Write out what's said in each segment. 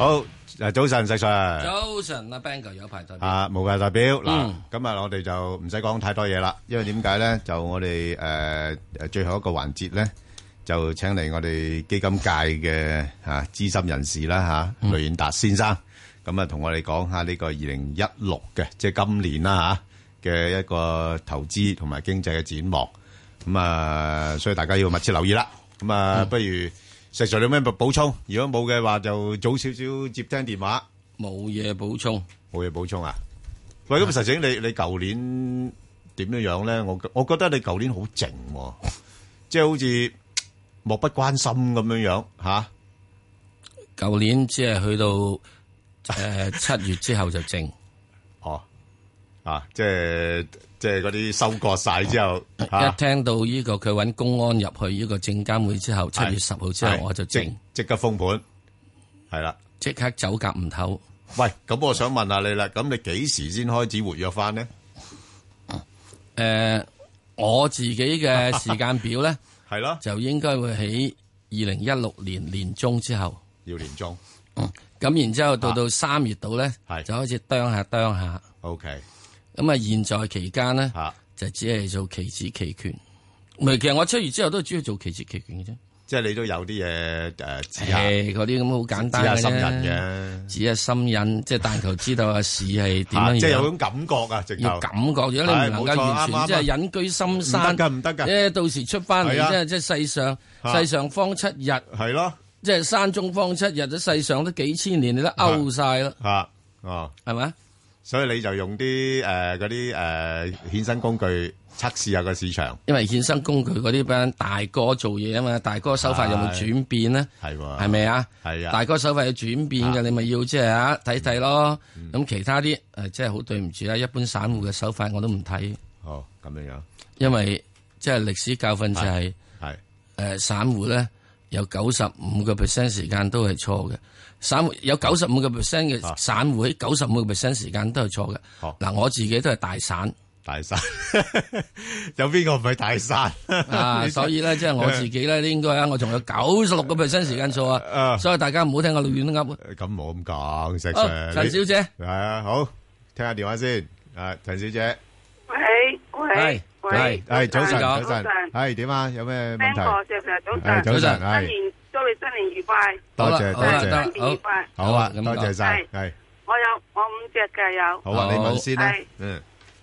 好，誒早晨，石 Sir。早晨啊，Ben 哥有派代表啊，無派代表嗱，咁啊，今日我哋就唔使講太多嘢啦，因為點解咧？就我哋誒誒最後一個環節咧，就請嚟我哋基金界嘅啊資深人士啦嚇，雷賢達先生，咁啊，同我哋講下呢個二零一六嘅，即係今年啦嚇嘅一個投資同埋經濟嘅展望，咁啊，所以大家要密切留意啦，咁啊，不如。實在你有咩補充？如果冇嘅話，就早少少接聽電話。冇嘢補充。冇嘢補充啊，啊？喂，咁實情你你舊年點樣樣咧？我我覺得你舊年靜、啊、 好靜，即係好似漠不關心咁樣樣吓。舊、啊、年只係去到誒、呃、七月之後就靜哦 啊，啊，即係。即係嗰啲收割晒之後，一聽到呢、呢個佢揾、啊、公安入去呢個證監會之後，七、哎、月十號之後，哎、我就即即刻封盤，係啦，即刻走夾唔唞。喂，咁我想問下你啦，咁你幾時先開始活躍翻呢？誒、呃，我自己嘅時間表呢係咯， 就應該會喺二零一六年年中之後，要年中。嗯，咁然之後到到三月度呢係就開始啄下啄下。O K。咁啊！現在期間呢，啊、就只係做期指期權。唔、嗯、係，其實我出完之後都係主要做期指期權嘅啫。即係你都有啲嘢誒？誒、呃，嗰啲咁好簡單嘅。下心癮嘅只係心癮、 啊啊，即係但求知道啊！市係點樣？即係有種感覺啊！要感覺，如果你唔能夠完全即係隱居深山，唔得㗎，唔得㗎，到時出翻嚟即係即係世上、啊，世上方七日，係、啊、咯，即、就、係、是、山中方七日，喺世上都幾千年，你都勾晒啦。嚇、啊、哦，係、啊、咪？所以你就用啲誒嗰啲誒衍生工具測試下個市場，因為衍生工具嗰啲畀大哥做嘢啊嘛，大哥手法有冇轉變咧？係、哎、喎，係咪啊？係啊，大哥手法有轉變嘅、啊，你咪要即係啊睇睇咯。咁、嗯嗯、其他啲誒，即係好對唔住啦，一般散戶嘅手法我都唔睇。哦，咁樣樣、啊、因為、嗯、即係歷史教訓就係係誒散戶咧，有九十五個 percent 時間都係錯嘅。散戶有九十五個 percent 嘅散戶喺九十五個 percent 時間都係錯嘅。嗱，我自己都係大散，大散，有邊個唔係大散啊？所以咧，即係我自己咧，應該啊，我仲有九十六個 percent 時間錯啊。所以大家唔好聽我亂噏。咁冇咁講，正常。陳小姐，係啊，好，聽下電話先。啊，陳小姐，喂，喂，喂，係早晨，早晨，係點啊？有咩問題？早晨，早晨，早晨。祝你新年愉快！多謝，多謝，新年愉快！好啊，咁多謝晒，係。我有我五隻嘅有。好啊，你問先啦。嗯。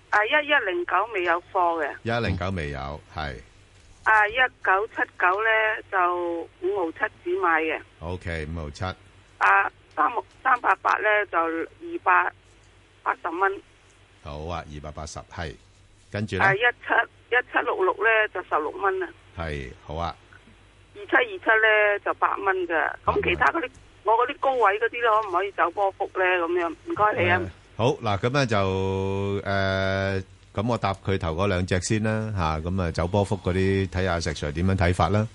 啊，一一零九未有貨嘅。一一零九未有，係。啊，一九七九咧就五毫七子買嘅。O K，五毫七。啊，三六三八八咧就二百八十蚊。好啊，二百八十係。跟住咧。啊，一七一七六六咧就十六蚊啦。係，好啊。二七二七咧就八蚊嘅，咁其他嗰啲，okay. 我嗰啲高位嗰啲咧可唔可以走波幅咧？咁樣唔該你啊。好嗱，咁咧就誒，咁、呃、我答佢頭嗰兩隻先啦吓，咁啊走波幅嗰啲睇下石 Sir 點樣睇法啦。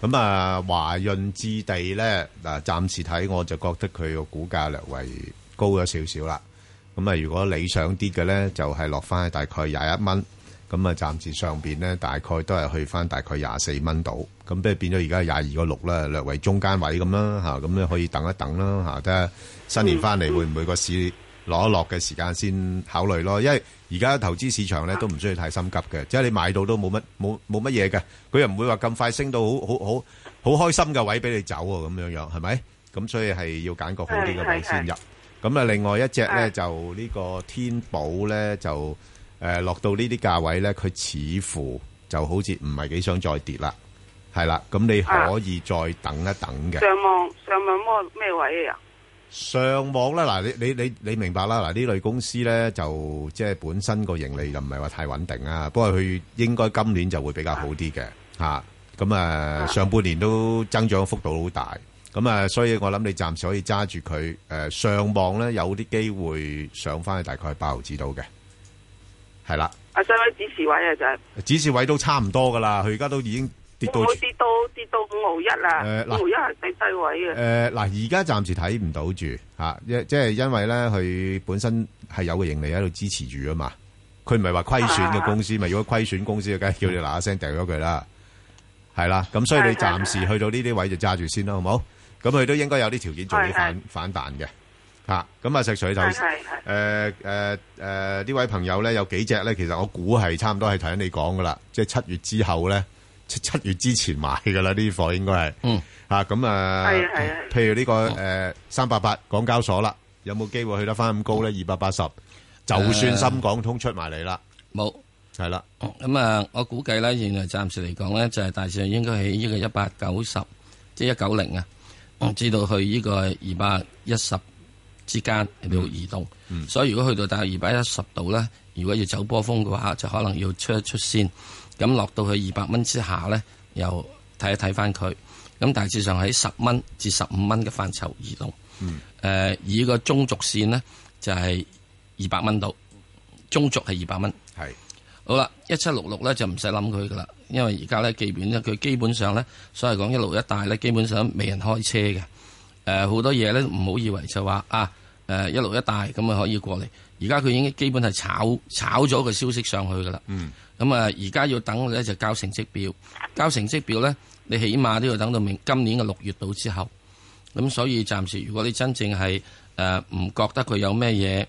咁啊華潤置地咧嗱，啊，暫時睇我就覺得佢個股價略為高咗少少啦。咁啊，如果理想啲嘅咧，就係落翻去大概廿一蚊。咁啊，暫時上面呢大概都係去翻大概廿四蚊度，咁不如變咗而家廿二個六啦，略為中間位咁啦嚇，咁你可以等一等啦嚇，睇下新年翻嚟會唔會個市攞一落嘅時間先考慮咯，因為而家投資市場呢都唔需要太心急嘅，即係你買到都冇乜冇冇乜嘢嘅，佢又唔會話咁快升到好好好好開心嘅位俾你走喎，咁樣樣係咪？咁所以係要揀個好啲嘅位先入。咁啊，另外一隻呢，就呢個天寶呢就。誒，落到呢啲價位咧，佢似乎就好似唔係幾想再跌啦，係啦。咁你可以再等一等嘅。上網上網咩位啊？上網咧，嗱、啊，你你你你明白啦。嗱，呢類公司咧，就即係本身個盈利就唔係話太穩定啊。不過佢應該今年就會比較好啲嘅嚇，咁啊，上半年都增長幅度好大。咁啊，所以我諗你暫時可以揸住佢。誒，上網咧有啲機會上翻去大概八毫子度嘅。係啦，阿細位指示位啊，就係指示位都差唔多噶啦，佢而家都已經跌到會會跌到跌到五毫一啦，五、呃、毫一係最低，低位嘅。誒、呃，嗱、呃，而家暫時睇唔到住吓、啊，即係因為咧，佢本身係有個盈利喺度支持住啊嘛，佢唔係話虧損嘅公司，咪如果虧損公司，梗叫你嗱嗱聲掉咗佢啦。係、嗯、啦，咁所以你暫時去到呢啲位就揸住先啦，好唔好？咁佢都應該有啲條件做啲反反彈嘅。咁啊，啊，石水就誒誒誒呢位朋友咧，有幾隻咧？其實我估係差唔多係睇緊你講噶啦，即係七月之後咧，七七月之前買噶啦，呢啲貨應該係嗯，咁啊，係、呃、係、哎哎哎哎、譬如呢、這個誒、呃、三八八港交所啦、嗯，有冇機會去得翻咁高咧？二百八十就算深港通出埋嚟啦，冇係啦。咁啊、嗯嗯嗯呃，我估計咧，現在暫時嚟講咧，就係、是、大致上應該喺呢個一百九十，即係一九零啊，至到去呢個二百一十。之間喺度移動、嗯嗯，所以如果去到大約二百一十度呢，如果要走波峰嘅話，就可能要出一出先。咁落到去二百蚊之下呢，又睇一睇翻佢。咁大致上喺十蚊至十五蚊嘅範疇移動。誒、嗯，以個中軸線呢，就係二百蚊度，中軸係二百蚊。係。好啦，一七六六呢，就唔使諗佢噶啦，因為而家呢，記住咧，佢基本上呢，所謂講一路一帶呢，基本上未人開車嘅。誒、呃，好多嘢咧，唔好以為就話啊，誒、呃，一路一帶咁啊可以過嚟。而家佢已經基本係炒炒咗個消息上去噶啦。嗯。咁、嗯、啊，而、呃、家要等咧就交成績表，交成績表咧，你起碼都要等到明今年嘅六月度之後。咁所以暫時，如果你真正係誒唔覺得佢有咩嘢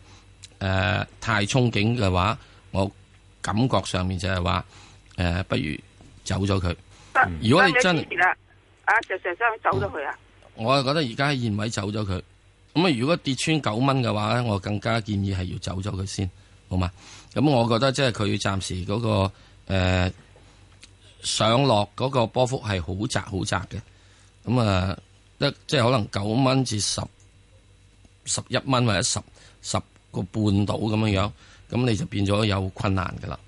誒太憧憬嘅話，我感覺上面就係話誒，不如走咗佢、嗯。如果你真啊，就走咗佢啊。我係覺得而家喺現位走咗佢。咁啊如果跌穿九蚊嘅話咧，我更加建議係要走咗佢先，好嘛？咁我覺得即係佢暫時嗰、嗰個、呃、上落嗰個波幅係好窄好窄嘅，咁啊得即係可能九蚊至十十一蚊或者十十個半到咁樣樣，咁你就變咗有困難嘅啦。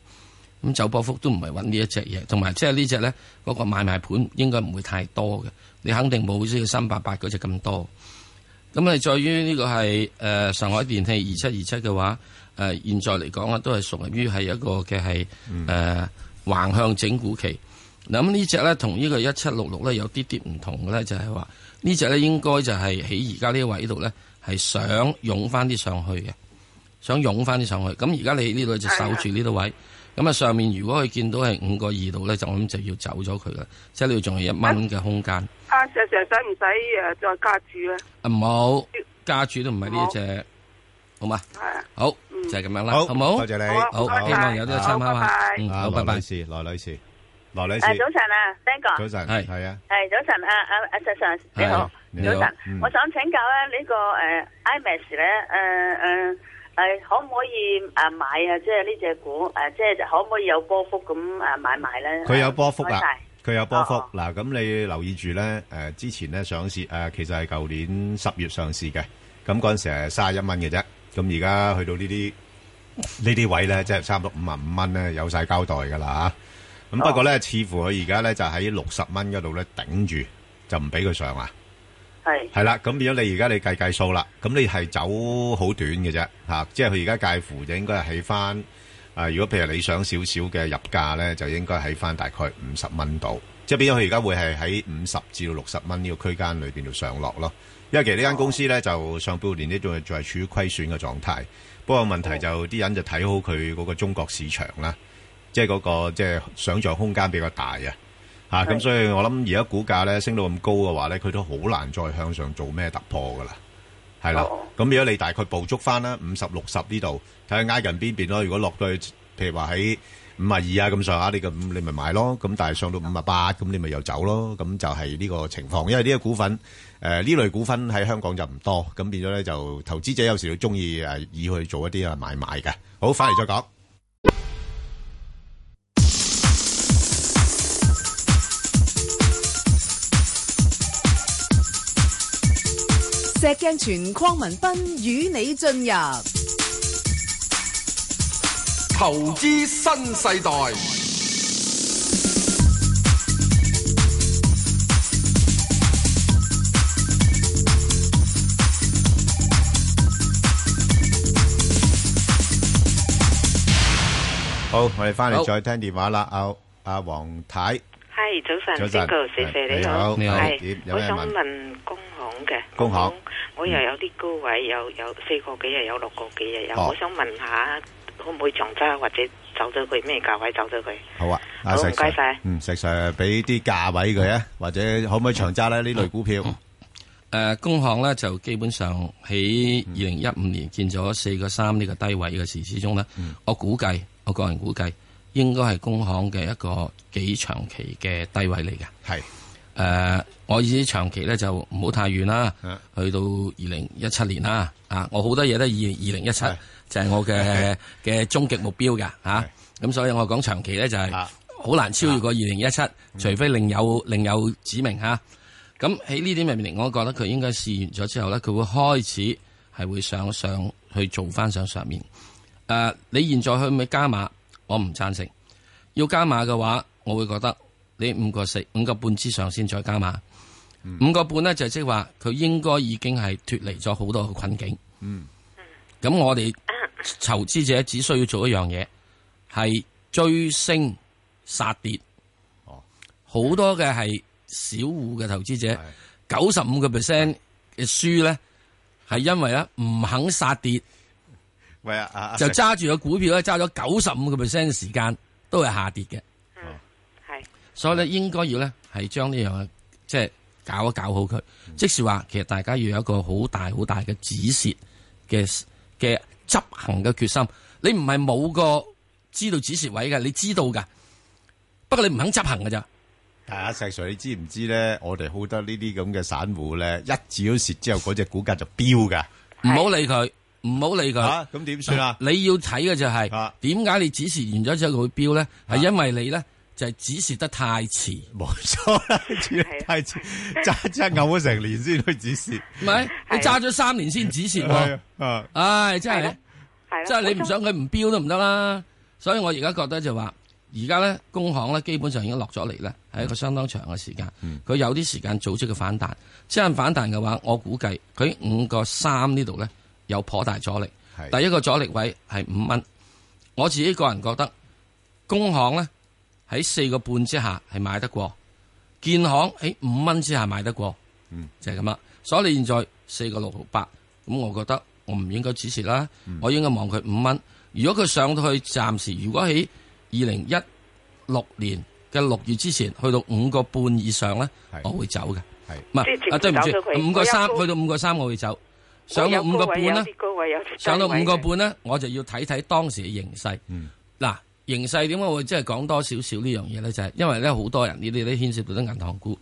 咁走波幅都唔係揾呢一隻嘢，同埋即係呢隻咧嗰個買賣盤應該唔會太多嘅。你肯定冇好似個三八八嗰隻咁多。咁你在於呢個係、呃、上海電氣二七二七嘅話、呃，現在嚟講啊，都係屬於係一個嘅係誒橫向整固期。嗱咁呢隻咧同呢個一七六六咧有啲啲唔同嘅咧，就係、是、話呢隻咧應該就係喺而家呢個位度咧係想湧翻啲上去嘅，想湧翻啲上去。咁而家你呢度就守住呢個位。哎咁啊，上面如果佢見到係五個二度咧，就我諗就要走咗佢啦。即係你仲有一蚊嘅空間。啊，成成日使唔使誒再加注咧？啊，唔好加注都唔係呢一隻，好嘛？係。好，就係咁樣啦，好唔、嗯就是、好？多謝，謝你，好，希望有得參考下。好，拜拜，事、啊、羅女士，羅女士。誒、啊，早晨啊，Ben 哥。早晨。係係啊。係早晨啊啊啊！成、啊、成，你好，你好早晨。我想請教咧，呢個誒 IMAX 咧誒誒。誒、啊，可唔可以誒、啊、買啊？即係呢隻股誒，即係可唔可以有波幅咁誒買賣咧？佢有波幅噶，佢有波幅。嗱、哦，咁、啊、你留意住咧。誒、啊，之前咧上市誒、啊，其實係舊年十月上市嘅。咁嗰陣時係卅一蚊嘅啫。咁而家去到這些這些位呢啲呢啲位咧，即係差唔多五十五蚊咧，有晒交代噶啦吓。咁不過咧、哦，似乎佢而家咧就喺六十蚊嗰度咧頂住，就唔俾佢上啊。係，係啦，咁變咗你而家你計計數啦，咁你係走好短嘅啫，吓，即係佢而家介乎就應該係起返，啊，如果譬如你想少少嘅入價呢，就應該起返大概五十蚊度，即係變咗佢而家會係喺五十至到六十蚊呢個區間裏邊度上落咯，因為其實呢間公司呢，oh. 就上半年咧仲係仲係處於虧損嘅狀態，不過問題就啲、oh. 人就睇好佢嗰個中國市場啦，即係嗰個即係、就是、想象空間比較大啊。啊，咁所以我諗而家股價咧升到咁高嘅話咧，佢都好難再向上做咩突破噶啦，係啦。咁如果你大概捕捉翻啦，五十六十呢度，睇下挨近邊邊咯。如果落到去，譬如話喺五啊二啊咁上下呢個，你咪買咯。咁但係上到五啊八，咁你咪又走咯。咁就係呢個情況，因為呢個股份，誒呢類股份喺香港就唔多，咁變咗咧就投資者有時會中意誒以去做一啲啊買賣嘅。好，翻嚟再講。石鏡泉鄺文斌與你進入投資新世代。好，我哋翻嚟再聽電話啦。阿阿黃太。嗨，早晨，早晨，謝謝，你好，你好。你好，我想問工行嘅工行，行，我又有啲高位，嗯、又有又有四個幾日，又有六個幾日，有、哦，我想問下，可唔可以長揸或者走咗佢咩價位走咗佢？好啊，好，唔該晒。石 Sir, 嗯，石 Sir 俾啲價位佢啊，或者可唔可以長揸咧？呢、嗯、類股票，誒、嗯，工、嗯呃、行咧就基本上喺二零一五年見咗四個三呢個低位嘅時，始終咧、嗯，我估計，我個人估計。應該係工行嘅一個幾長期嘅低位嚟嘅，係誒、呃。我意思長期咧就唔好太遠啦，去到二零一七年啦啊。我好多嘢都二二零一七就係、是、我嘅嘅終極目標嘅嚇。咁、啊、所以我講長期咧就係、是、好難超越過二零一七，除非另有另有指明嚇。咁喺呢點入面，我覺得佢應該試完咗之後咧，佢會開始係會上上，上去做翻上上面誒、啊。你現在去咪加碼？我唔贊成，要加碼嘅話，我會覺得你五個四五個半之上先再加碼，嗯，五個半呢，就即係話佢應該已經係脫離咗好多嘅困境。嗯，咁、嗯、我哋投資者只需要做一樣嘢，係追升殺跌。哦，好多嘅係小戶嘅投資者，九十五個 percent 嘅輸呢，係因為啊唔肯殺跌。喂啊！就揸住個股票咧，揸咗九十五個 percent 時間都係下跌嘅。嗯，係。所以咧、這個，應該要咧係將呢樣嘢即係搞一搞好佢、嗯。即是話，其實大家要有一個好大好大嘅止蝕嘅嘅執行嘅決心。你唔係冇個知道止蝕位嘅，你知道噶。不過你唔肯執行噶咋？係啊，石 Sir，你知唔知咧？我哋好多得呢啲咁嘅散戶咧，一止咗蝕之後，嗰隻股價就飆噶。唔好理佢。唔好理佢啊！咁點算啊？你要睇嘅就係點解你指示完咗之後佢會標咧？係、啊、因為你咧就係、是、指示得太遲，冇錯啦， 指示太遲，揸揸嘔咗成年先去指示，唔 係你揸咗三年先指示喎。唉、啊哎，真係，真係你唔想佢唔標都唔得啦。所以我而家覺得就話，而家咧，工行咧，基本上已經落咗嚟咧，係一個相當長嘅時間。嗯，佢有啲時間組織嘅反彈，即係反彈嘅話，我估計佢五個三呢度咧。有頗大阻力，第一個阻力位係五蚊。我自己個人覺得，工行咧喺四個半之下係買得過，建行喺五蚊之下買得過，嗯，就係咁啦。所以你現在四個六毫八，咁我覺得我唔應該止蝕啦，我應該望佢五蚊。如果佢上到去暫時，如果喺二零一六年嘅六月之前去到五個半以上咧，我會走嘅，係唔係啊？對唔住，五個三去到五個三我會走。上到五個半啦，上到五個半呢，我就要睇睇當時嘅形勢。嗱、嗯，形勢點解會即係講多少少呢樣嘢呢？就係、是、因為呢，好多人呢啲都牽涉到啲銀行股。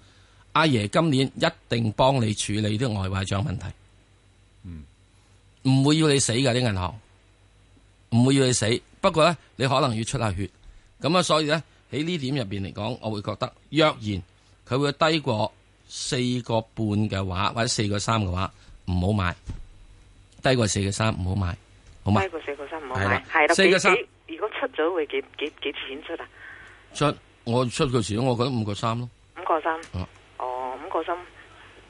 阿爺今年一定幫你處理啲呆壞賬問題，唔、嗯、會要你死噶，啲銀行，唔會要你死。不過呢，你可能要出下血咁啊。所以呢，喺呢點入邊嚟講，我會覺得若然佢會低過四個半嘅話，或者四個三嘅話。唔好買，低過四個三唔好買，好嘛？低過四個三唔好買，係四個三如果出咗會幾幾幾錢出啊？出我出嘅時，我覺得五個三咯。五個三哦，五個三，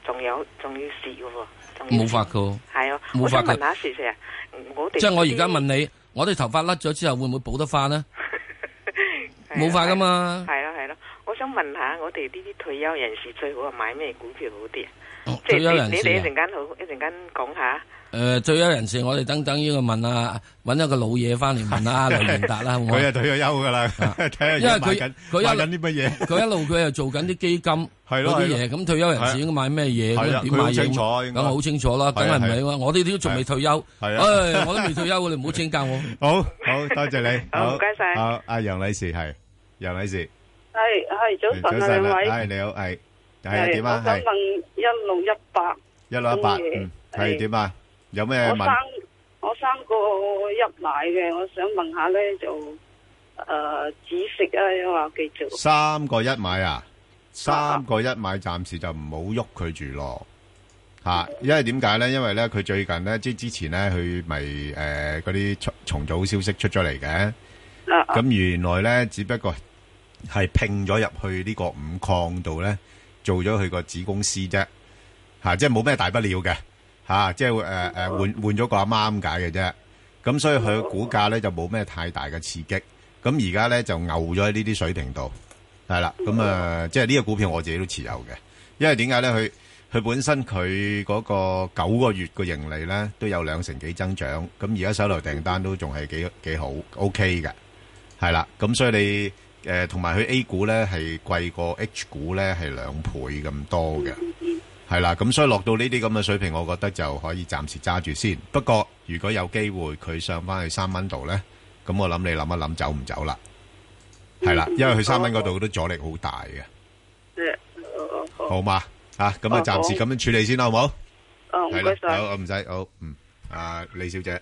仲有仲要蝕嘅喎。冇發嘅，係哦。我想問下事啊，即係、我即係我而家問你，我哋頭髮甩咗之後會唔會補得翻咧？冇發噶嘛？係咯係咯，我想問下我哋呢啲退休人士最好係買咩股票好啲啊？退休人士啊！你哋一陣間好，一陣間講下。誒，退休人士，我哋等等於去問下，揾一個老嘢翻嚟問下，梁明達啦，我啊退休噶啦，睇下佢買緊啲乜嘢。佢一路佢又做緊啲基金嗰啲嘢，咁退休人士應該買咩嘢？點買嘢？咁我好清楚啦，梗係唔係我？我哋都仲未退休，唉，我都未退休，你唔好請教我。好，好多謝你。好，唔該曬。阿阿楊女士係，楊女士。係係，早晨啊兩位。係你好，係。係點啊？我想問、啊、一六一八，一六一八，嗯，係點啊,啊,啊？有咩？我三我三個一買嘅，我想問一下咧，就誒止蝕啊，又話繼續。三個一買啊？啊三個一買，暫時就唔好喐佢住咯。吓、啊啊，因為點解咧？因為咧，佢最近咧，即係之前咧，佢咪誒嗰啲重重組消息出咗嚟嘅。咁、啊、原來咧，只不過係拼咗入去呢個五礦度咧。做咗佢個子公司啫、啊，即係冇咩大不了嘅、啊，即係誒誒換換咗個阿媽解嘅啫。咁所以佢個股價咧就冇咩太大嘅刺激。咁而家咧就牛咗喺呢啲水平度，係啦。咁啊，即係呢個股票我自己都持有嘅，因為點解咧？佢佢本身佢嗰個九個月個盈利咧都有兩成幾增長。咁而家手頭訂單都仲係幾幾好，OK 嘅，係啦。咁所以你。誒，同埋佢 A 股咧係貴過 H 股咧係兩倍咁多嘅，係啦，咁所以落到呢啲咁嘅水平，我覺得就可以暫時揸住先。不過如果有機會佢上翻去三蚊度咧，咁我諗你諗一諗走唔走啦，係啦，因為佢三蚊嗰度都阻力好大嘅。好嘛，吓咁啊，暫時咁樣處理先啦，好冇？係啦，好唔使好。嗯，阿李小姐，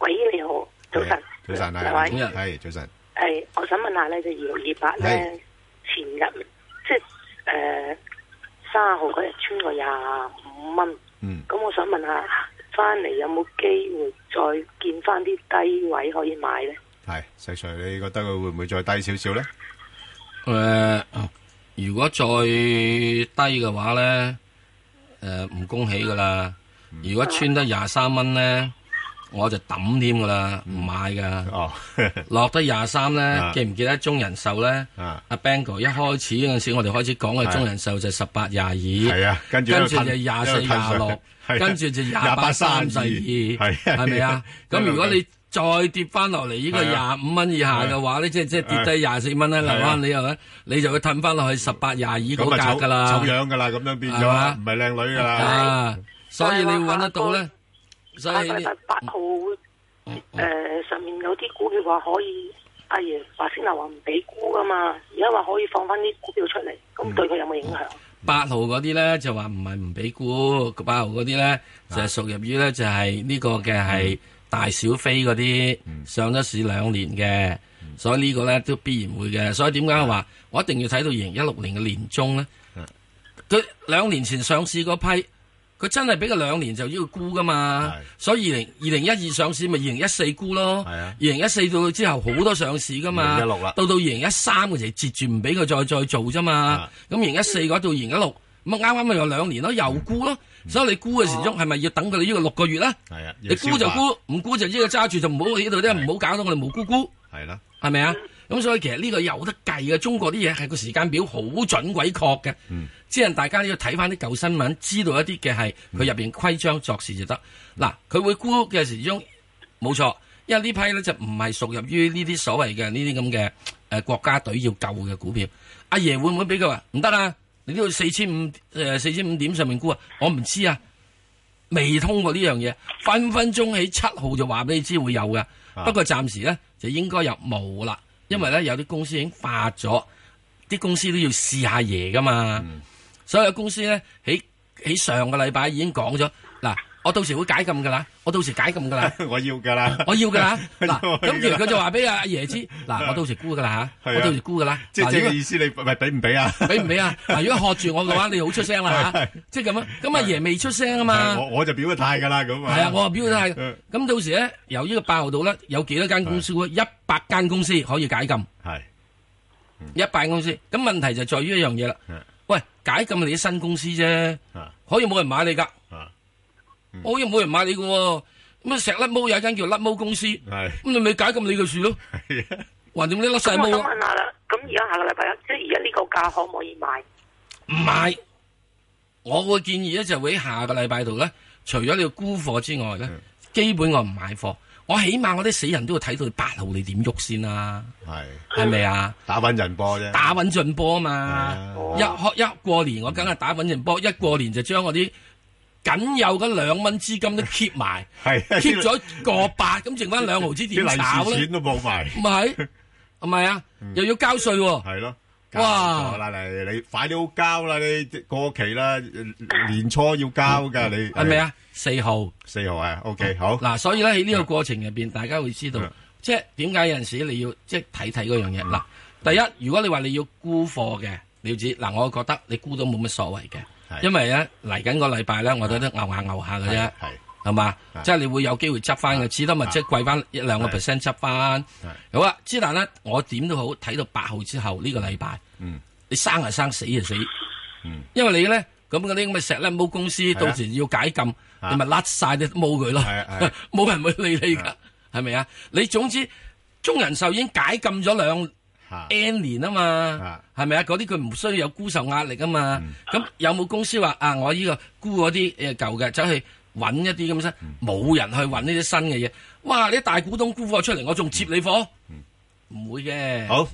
喂，你好，早晨，早晨啊，早晨，係早晨。係，我想問下200呢就二六二八咧，前日即係誒，卅號嗰日穿過廿五蚊，嗯，咁我想問下，翻嚟有冇機會再見翻啲低位可以買咧？係，細 Sir 你覺得佢會唔會再低少少咧？誒、呃，如果再低嘅話咧，誒、呃、唔恭喜噶啦，如果穿得廿三蚊咧。嗯啊我就抌添噶啦，唔買噶。落得廿三咧，記唔記得中人壽咧？阿、啊、Bang 哥，一開始嗰陣時候，我哋開始講嘅中人壽就十八廿二。係啊，跟住跟住就廿四廿六，跟住就廿八三十二。係咪啊？咁、啊啊啊啊啊、如果你再跌翻落嚟，呢個廿五蚊以下嘅話咧、啊，即係即係跌低廿四蚊咧，留翻、啊啊、你又呢，你就會褪翻落去十八廿二嗰格噶啦，醜樣噶啦，咁樣變咗唔係靚女噶啦、啊啊啊。所以你搵得到咧？啊啊啊啊下禮拜八號誒、嗯呃，上面有啲股票話可以，阿、哎、爺華先生話唔俾估噶嘛，而家話可以放翻啲股票出嚟，咁對佢有冇影響？八號嗰啲咧就話唔係唔俾股，八號嗰啲咧就屬入於咧就係呢個嘅係大小非嗰啲上咗市兩年嘅、嗯，所以這個呢個咧都必然會嘅。所以點解話我一定要睇到二零一六年嘅年中咧？佢、嗯、兩年前上市嗰批。佢真係俾佢兩年就要沽噶嘛，所以二零二零一二上市咪二零一四沽咯，二零一四到之後好多上市噶嘛，一六啦，到到二零一三嘅時候截住唔俾佢再再做啫嘛，咁二零一四嘅話到二零一六，咁啊啱啱咪有兩年咯，又沽咯，所以你沽嘅時鐘係咪要等佢哋呢個六個月咧？係啊，你沽就沽，唔沽就呢個揸住就唔好喺呢度咧，唔好搞到我哋冇沽沽。係啦，係咪啊？咁、嗯、所以其實呢個有得計嘅，中國啲嘢係個時間表好準鬼確嘅。即、嗯、係大家要睇翻啲舊新聞，知道一啲嘅係佢入面規章作事就得。嗱、嗯，佢會沽嘅時鐘冇錯，因為呢批呢就唔係屬於呢啲所謂嘅呢啲咁嘅誒國家隊要救嘅股票。阿爺，爺會唔會俾佢話唔得啦？你都要四千五誒四千五點上面沽啊？我唔知啊，未通過呢樣嘢，分分鐘喺七號就話俾你知會有嘅、啊。不過暫時呢，就應該入冇啦。因為咧有啲公司已經發咗，啲公司都要試下嘢㗎嘛，嗯、所有公司咧喺喺上個禮拜已經講咗。我到時會解禁噶啦，我到時解禁噶啦， 我要噶的啦， 我要噶的啦。嗱 的，咁然後佢就話俾阿阿爺知，嗱、 啊，我到時沽噶啦吓，我到時沽噶啦。即係即個意思，你唔俾唔俾啊？俾唔俾啊？嗱，如果學住我嘅話，你好出聲啦吓。即係咁樣，咁阿爺未出聲啊嘛、啊啊啊啊。我就表個態噶啦，咁係啊，啊，我表個態。咁、啊啊啊啊、到時咧，由個呢個八號到咧，有幾多間公司？一百間公司可以解禁。係，一百間公司。咁問題就在於一樣嘢啦。喂，解禁你啲新公司啫，可以冇人買你噶。我又冇人買你咁乜、啊、石甩毛有一間叫甩毛公司，咁你咪解禁你嘅樹咯。係啊，話點解甩晒毛？咁、嗯、我問下啦。咁而家下個禮拜一，即係而家呢個價可唔可以買？唔買，我個建議咧就喺下個禮拜度咧，除咗你沽貨之外咧、嗯，基本我唔買貨。我起碼我啲死人都會睇到八號你點喐先啦。係，係咪啊？打穩陣波啫。打穩陣波，波嘛，一開、哦、一,一過年我梗係打穩陣波，一過年就將我啲。僅有嘅兩蚊資金都 keep 埋，係 keep 咗個八，咁剩翻兩毫紙點炒咧？錢都冇埋，唔係，唔係啊，又要交稅喎。係咯，哇，嗱嚟，你快啲好交啦，你過期啦，年初要交噶，你係咪啊？四號，四號啊，OK，好嗱，所以咧喺呢個過程入邊，大家會知道，即係點解有陣時你要即係睇睇嗰樣嘢。嗱，第一，如果你話你要沽貨嘅，你要知嗱，我覺得你沽都冇乜所謂嘅。因為咧嚟緊個禮拜咧，我哋都牛下牛下嘅啫，係嘛、啊啊啊，即係你會有機會執翻嘅，最多咪即係貴翻一兩個 percent 執翻，好啊！之但咧，我點都好睇到八號之後呢、呢個禮拜、嗯，你生係生死係死、嗯，因為你咧咁嗰啲咁嘅石咧，冇公司到時要解禁，啊、你咪甩晒啲冇佢咯，冇、啊啊、 人會理你噶，係咪啊，啊？你總之中人壽已經解禁咗兩。N 年啊嘛，係咪啊？嗰啲佢唔需要有沽售壓力啊嘛。咁、嗯、有冇公司話啊？我呢、這個沽嗰啲誒舊嘅，走去搵一啲咁新，冇、嗯、人去搵呢啲新嘅嘢。哇！你大股東沽貨出嚟，我仲接你貨？唔、嗯嗯、會嘅。好，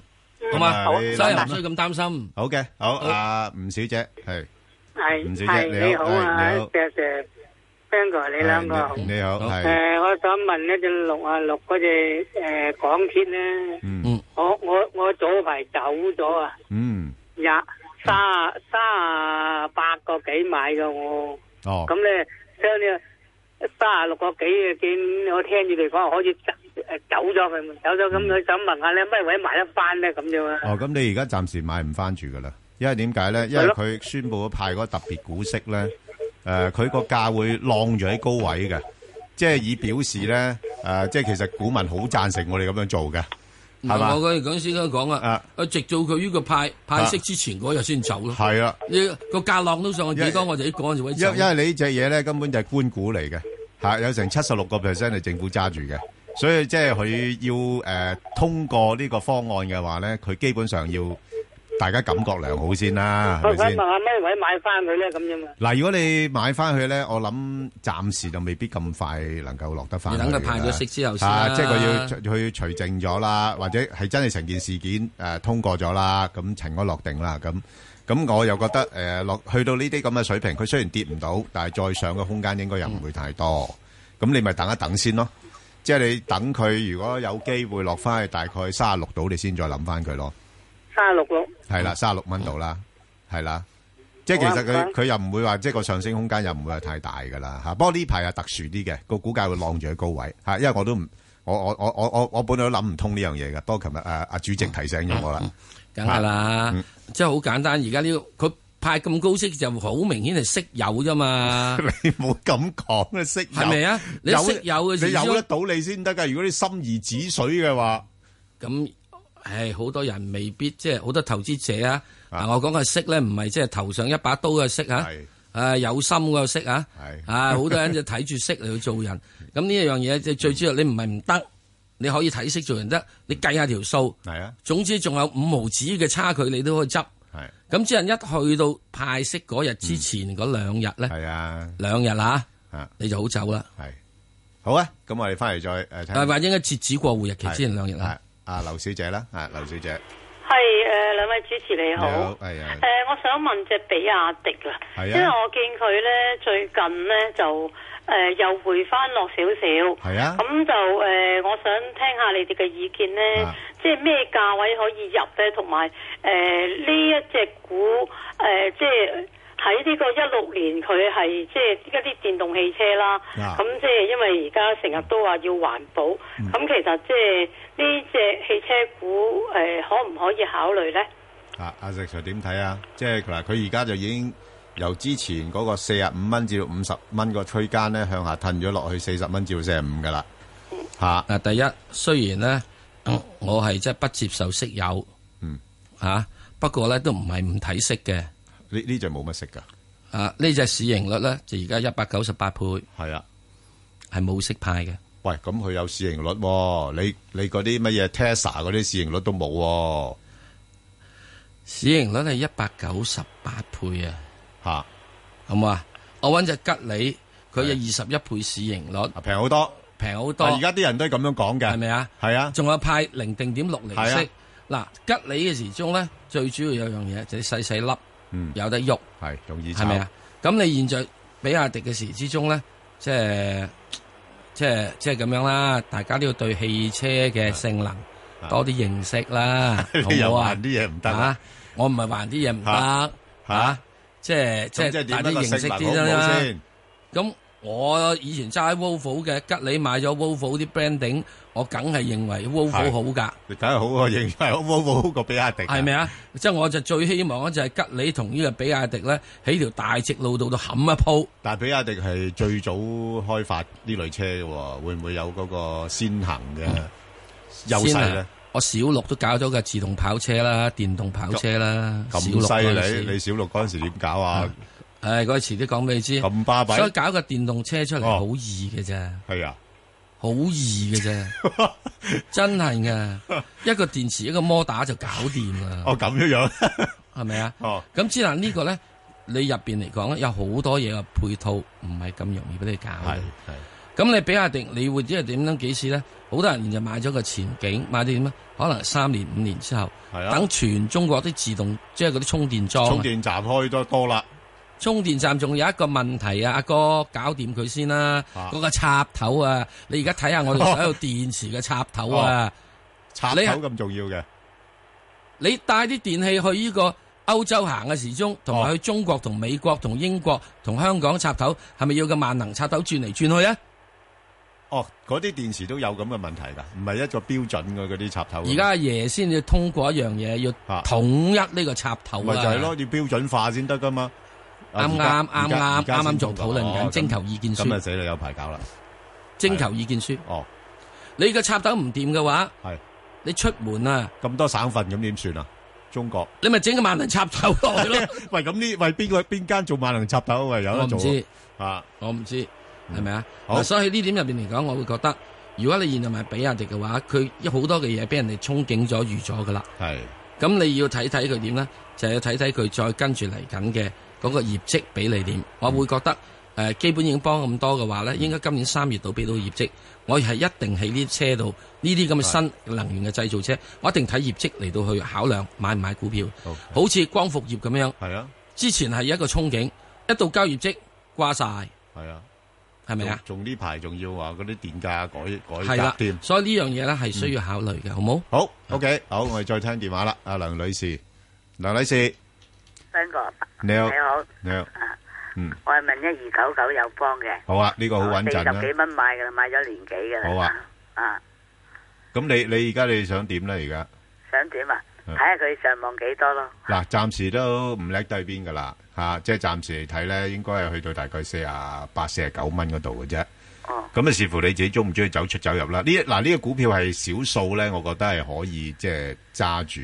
是是好嘛，所以唔需要咁擔心。好嘅，好啊，吳小姐係，係，吳小姐你好，你好啊，謝謝。兩個你兩個你好，誒、呃，我想問一隻六啊六嗰隻誒港鐵咧，嗯，我我我早排走咗啊，嗯，廿卅卅啊八個幾買噶我，哦，咁咧將呢卅啊六個幾嘅件，我聽住你講，可以誒走咗，佢。走咗？咁我、嗯、想問下咧，咩位買得翻咧？咁樣啊？哦，咁你而家暫時買唔翻住噶啦，因為點解咧？因為佢宣布咗派嗰特別股息咧。誒、呃，佢個價會晾住喺高位嘅，即係以表示咧，誒、呃，即係其實股民好贊成我哋咁樣做嘅，係我哋講先，都講啦，誒，我、啊、直做佢呢個派派息之前嗰日先走咯，係啊，你個價晾都上去幾多，我哋啲港人就因因為，因為，因為你呢隻嘢咧，根本就係官股嚟嘅，吓、啊、有成七十六個 percent 係政府揸住嘅，所以即係佢要誒、呃、通過呢個方案嘅話咧，佢基本上要。大家感覺良好先啦，係咪先？問下咩位買翻佢咧咁樣啊？嗱，如果你買翻佢咧，我諗暫時就未必咁快能夠落得翻。等佢派咗息之後先啦。即係佢要要除淨咗啦，或者係真係成件事件誒通過咗啦，咁塵埃落定啦。咁咁我又覺得誒落去到呢啲咁嘅水平，佢雖然跌唔到，但係再上嘅空間應該又唔會太多。咁你咪等一等先咯。即係你等佢如果有機會落翻去大概三十六度，你先再諗翻佢咯。三十六六。係啦，三十六蚊度啦，係啦，即係其實佢佢又唔會話，即係個上升空間又唔會係太大噶啦吓。不過呢排啊特殊啲嘅，個股價會晾住喺高位吓，因為我都唔，我我我我我我本來都諗唔通呢樣嘢噶不過琴日誒阿主席提醒咗我啦，梗係啦，即係好簡單。這個，而家呢個佢派咁高息就好明顯係息友啫嘛。你冇咁講嘅息友係咪啊？你息友嘅，你有得到你先得噶如果你心如止水嘅話，咁，嗯。誒，好多人未必即係好多投資者啊！嗱，我講個息咧，唔係即係頭上一把刀嘅色啊，有心嘅息啊，啊，好多人就睇住息嚟去做人。咁呢一樣嘢，最主要你唔係唔得，你可以睇息做人得，你計下條數，啊，總之仲有五毫子嘅差距，你都可以執。咁只係一去到派息嗰日之前嗰兩日咧，兩日啦，你就好走啦。係好啊，咁我哋翻嚟再誒。誒，或者應該截止過戶日期之前兩日啦。啊，劉小姐啦，啊，劉小姐係誒，兩、呃、位主持你好，係啊，誒、呃，我想問隻比亞迪啦，係啊，因為我見佢咧最近咧就誒、呃、又回翻落少少，係啊，咁就誒、呃，我想聽下你哋嘅意見咧、啊，即係咩價位可以入咧，同埋誒呢一隻股誒即係。睇呢個一六年，佢係即係一啲電動汽車啦。咁、啊、即係因為而家成日都話要環保，咁、嗯、其實即係呢隻汽車股，誒、呃，可唔可以考慮咧？啊，阿石 Sir 點睇啊？即係嗱，佢而家就已經由之前嗰個四十五蚊至到五十蚊個區間咧，向下褪咗落去四十蚊至到四十五噶啦。吓，誒，第一，雖然咧、嗯，我係即係不接受息友，嗯，啊，不過咧都唔係唔睇息嘅。呢呢隻冇乜息噶啊！呢隻市盈率咧就而家一百九十八倍，係啊，係冇息派嘅。喂，咁佢有市盈率、哦，你你嗰啲乜嘢 Tesla 嗰啲市盈率都冇、哦。市盈率係一百九十八倍啊！吓，好唔好啊？好，我搵隻吉利，佢有二十一倍市盈率，平好、啊、多，平好多。而家啲人都係咁樣講嘅，係咪啊？係啊，仲有派零定點六厘息嗱。吉利嘅時鐘咧，最主要有樣嘢就係細細粒。嗯、有得喐，係咁意思，係咪啊？咁你現在比亞迪嘅時之中咧，即係即係即係咁樣啦，大家都要對汽車嘅性能、啊、多啲認識啦。我話啲嘢唔得啊！我唔係話啲嘢唔得即係、啊、即係大啲認識啲啦。咁、啊、我以前揸喺 Volvo 嘅，吉利買咗 Volvo 啲 branding。我梗係認為 Volvo 好噶，你梗係好啊！我認為 Volvo 好過比亞迪，係咪啊？即 係我就最希望就係吉利同呢個比亞迪咧喺條大直路度度冚一鋪。但係比亞迪係最早開發呢類車嘅，會唔會有嗰個先行嘅優勢咧？我小六都搞咗個自動跑車啦，電動跑車啦。咁犀利？你小六嗰陣時點搞啊？誒，嗰時遲啲講俾你知，咁巴閉，所以搞個電動車出嚟好易嘅啫。係啊。是啊好易嘅啫， 真係的㗎的。 一個電池一個摩打就搞掂啦。哦咁樣樣，係咪啊？哦，咁之嗱呢個咧， 你入邊嚟講咧，有好多嘢嘅配套唔係咁容易俾你搞。係係。咁你比亞迪你會即係點樣幾次咧？好多人就買咗個前景，買啲點咩？可能三年五年之後，係啊。等全中國啲自動即係嗰啲充電樁，充電站開得多啦。充電站仲有一個問題啊，阿哥搞掂佢先啦、啊。嗰、啊嗰個插頭啊，你而家睇下我哋所有電池嘅插頭啊，啊哦、插頭咁重要嘅。你帶啲電器去呢個歐洲行嘅時鐘，同埋去中國、同美國、同英國、同香港插頭，係咪要個萬能插頭轉嚟轉去啊？哦，嗰啲電池都有咁嘅問題噶，唔係一個標準嘅嗰啲插頭。而家阿爺先至通過一樣嘢，要統一呢個插頭啊，咪、啊、就係、是、咯，要標準化先得噶嘛。啱啱啱啱啱啱做討論緊，徵求意見書。咁啊死啦，有排搞啦！徵求意見書。哦，你個插頭唔掂嘅話，係你出門啊？咁多省份咁點算啊？中國，你咪整個萬能插頭咯 喂，咁呢？喂，邊個喺邊間做萬能插頭？喂，有得做？我唔知啊，我唔知係咪啊？所以呢點入邊嚟講，我會覺得，如果你現在買比亞迪嘅話，佢有好多嘅嘢俾人哋憧憬咗、預咗噶啦。係咁，你要睇睇佢點咧，就要睇睇佢再跟住嚟緊嘅。嗰、那個業績俾你點？我會覺得誒、呃，基本已經幫咁多嘅話咧，嗯、應該今年三月度俾到業績。我係一定喺呢啲車度，呢啲咁嘅新能源嘅製造車，我一定睇業績嚟到去考量買唔買股票。Okay. 好似光伏業咁樣，係啊，之前係一個憧憬，一到交業績掛晒，係、呃、啊，係咪啊？仲呢排仲要話嗰啲電價改改革添，所以呢樣嘢咧係需要考慮嘅、嗯，好冇？好 OK，好我哋再聽電話啦，阿梁女士，梁女士。邊個，你好你好你好啊。嗯我係問一二九九友邦嘅。好啊，呢個好穩陣啦，四十幾蚊買噶啦，買咗年幾噶啦。好啊啊，咁你你而家你想點咧？而家想點啊？睇下佢上望幾多咯。嗱暫時都唔叻得邊噶啦吓，即係暫時嚟睇咧，應該係去到大概四啊八四啊九蚊嗰度嘅啫。哦，咁啊視乎你自己中唔中意走出走入啦呢。嗱呢個股票係少數咧，我覺得係可以即係揸住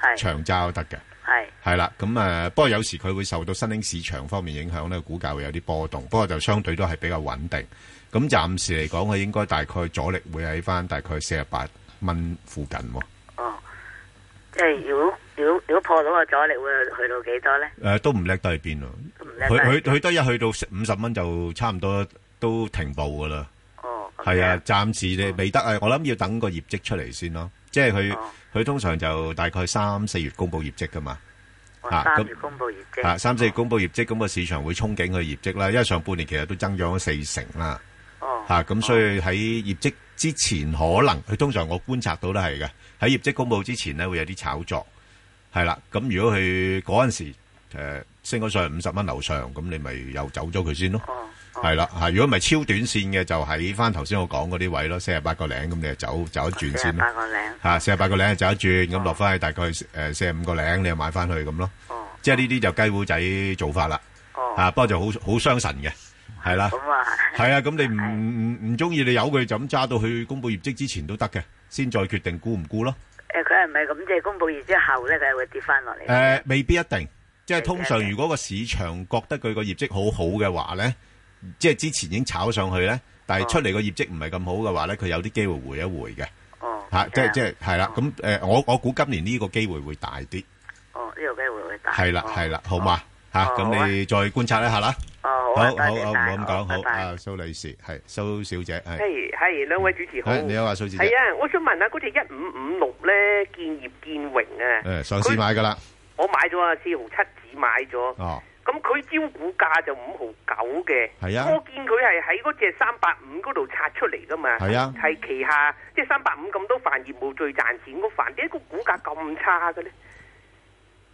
係長揸都得嘅。係，係啦，咁、嗯、不過有時佢會受到新興市場方面影響咧，股價會有啲波動，不過就相對都係比較穩定。咁暫時嚟講，佢應該大概阻力會喺翻大概四十八蚊附近喎，啊。哦，即係如果如果如果破到個阻力會去，去到幾多咧？誒、呃，都唔叻得去邊咯，佢佢都一去到五十蚊就差唔多都停步噶啦。哦，係，okay. 啊，暫時未得啊、嗯，我諗要等個業績出嚟先咯，啊，即係佢。哦佢通常就大概三四月公布業績噶嘛，啊、三月、啊、三四月公布業績，三四月公布業績，咁個市場會憧憬佢業績啦，因為上半年其實都增長咗四成啦，咁、哦啊、所以喺業績之前可能，佢、哦、通常我觀察到都係嘅，喺業績公布之前咧會有啲炒作，係啦，咁如果佢嗰陣時、呃、升咗上去五十蚊樓上，咁你咪又走咗佢先咯。哦係啦吓，如果唔係超短線嘅，就喺翻頭先我講嗰啲位咯，四十八個零咁，你就走走一轉先咯吓，四十八個零又走一轉咁落翻去大概誒四十五個零，你又買翻去咁咯哦，即係呢啲就雞糊仔做法啦哦吓，不過就好好傷神嘅係啦咁啊係係啊，咁你唔唔唔中意你由佢就咁揸到去公布業績之前都得嘅，先再決定沽唔沽咯誒，佢係唔係咁即係公布業績後咧，佢會跌翻落嚟誒？未必一定，即係通常如果個市場覺得佢個業績好好嘅話咧。即係之前已經炒上去咧，但係出嚟個業績唔係咁好嘅話咧，佢有啲機會回一回嘅。哦，吓、啊，即係即係係啦。咁、哦、誒、嗯嗯，我我估今年呢個機會會大啲。哦，呢、這個機會會大。係啦係啦，好嘛吓，咁、哦啊、你再觀察一下啦。哦，好、啊，好，好，唔好咁講。好，蘇女士係，蘇、啊、小姐係。係兩、hey, hey, 位主持好。Hey, 你好，話蘇小姐。係啊，我想問下嗰隻一五五六咧，建、那個、業建榮啊。誒、嗯，上市買噶啦。我買咗啊，四毫七子買咗。哦。咁佢招股價就五毫九嘅，我見佢係喺嗰隻三百五嗰度拆出嚟㗎嘛，係啊，係旗下即係三百五咁多瓣業務最賺錢個瓣，點解個股價咁差嘅咧？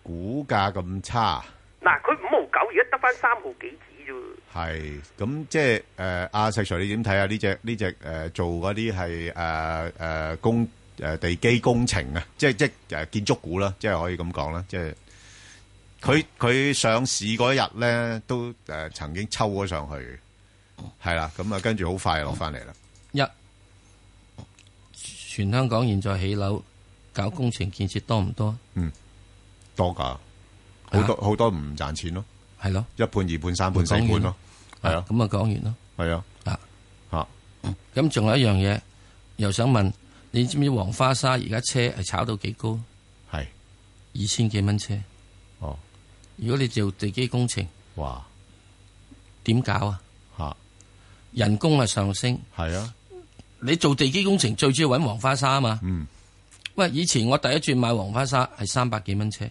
股價咁差？嗱，佢五毫九，而家得返三毫幾紙啫。係咁，即係誒，阿石 Sir，你點睇啊？呢隻呢隻誒，做嗰啲係誒誒工誒地基工程啊，即係即係誒建築股啦，即係可以咁講啦，即係。佢佢上市嗰日咧，都誒、呃、曾經抽咗上去，係啦。咁啊，跟住好快落翻嚟啦。一、嗯、全香港現在起樓搞工程建設多唔多？嗯，多噶，好、啊、多好多唔賺錢咯。係咯，一判、二判、三判、四判咯。係啊，咁啊，嗯嗯、講完咯。係啊。啊咁仲有一樣嘢，又想問你知唔知黃花沙而家車係炒到幾高？係二千幾蚊車。如果你做地基工程，哇，點搞啊？吓，人工啊上升，係啊。你做地基工程最主要揾黃花沙啊嘛。嗯。喂，以前我第一轉買黃花沙係三百幾蚊車，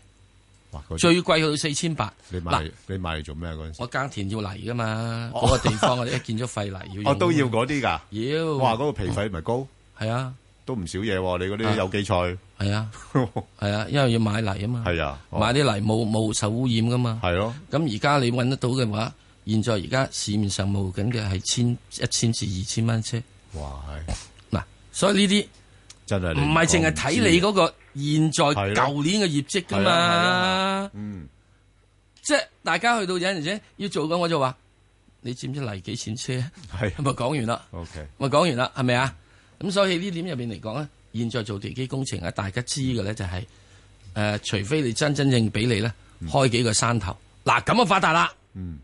嗰個，最貴去到四千八。你買嚟做咩嗰陣時？我耕田要泥噶嘛，嗰、嗰個地方我、啊哦、 一見咗廢泥要。我、哦、都要嗰啲噶。妖。哇，嗰、嗰個皮費咪高？係、嗯、啊。都唔少嘢喎，你嗰啲有機菜係啊，係啊，啊，因為要買泥啊嘛，係啊，啊，買啲泥冇冇受污染噶嘛，係咯、啊。咁而家你搵得到嘅話，現在而家市面上冇緊嘅係千一千至二千蚊車。哇，係嗱、啊，所以呢啲真係唔係淨係睇你嗰個，個現在舊、啊、年嘅業績噶嘛、啊啊啊。嗯，即係大家去到有陣時要做緊我就話，你知唔知泥幾錢車？係咪講完啦？OK，咪講完啦，係咪啊？ 咁所以呢點入邊嚟講咧，現在做地基工程啊，大家知嘅咧就係、是、誒、呃，除非你真真正俾你咧開幾個山頭，嗱咁啊發達啦。嗯，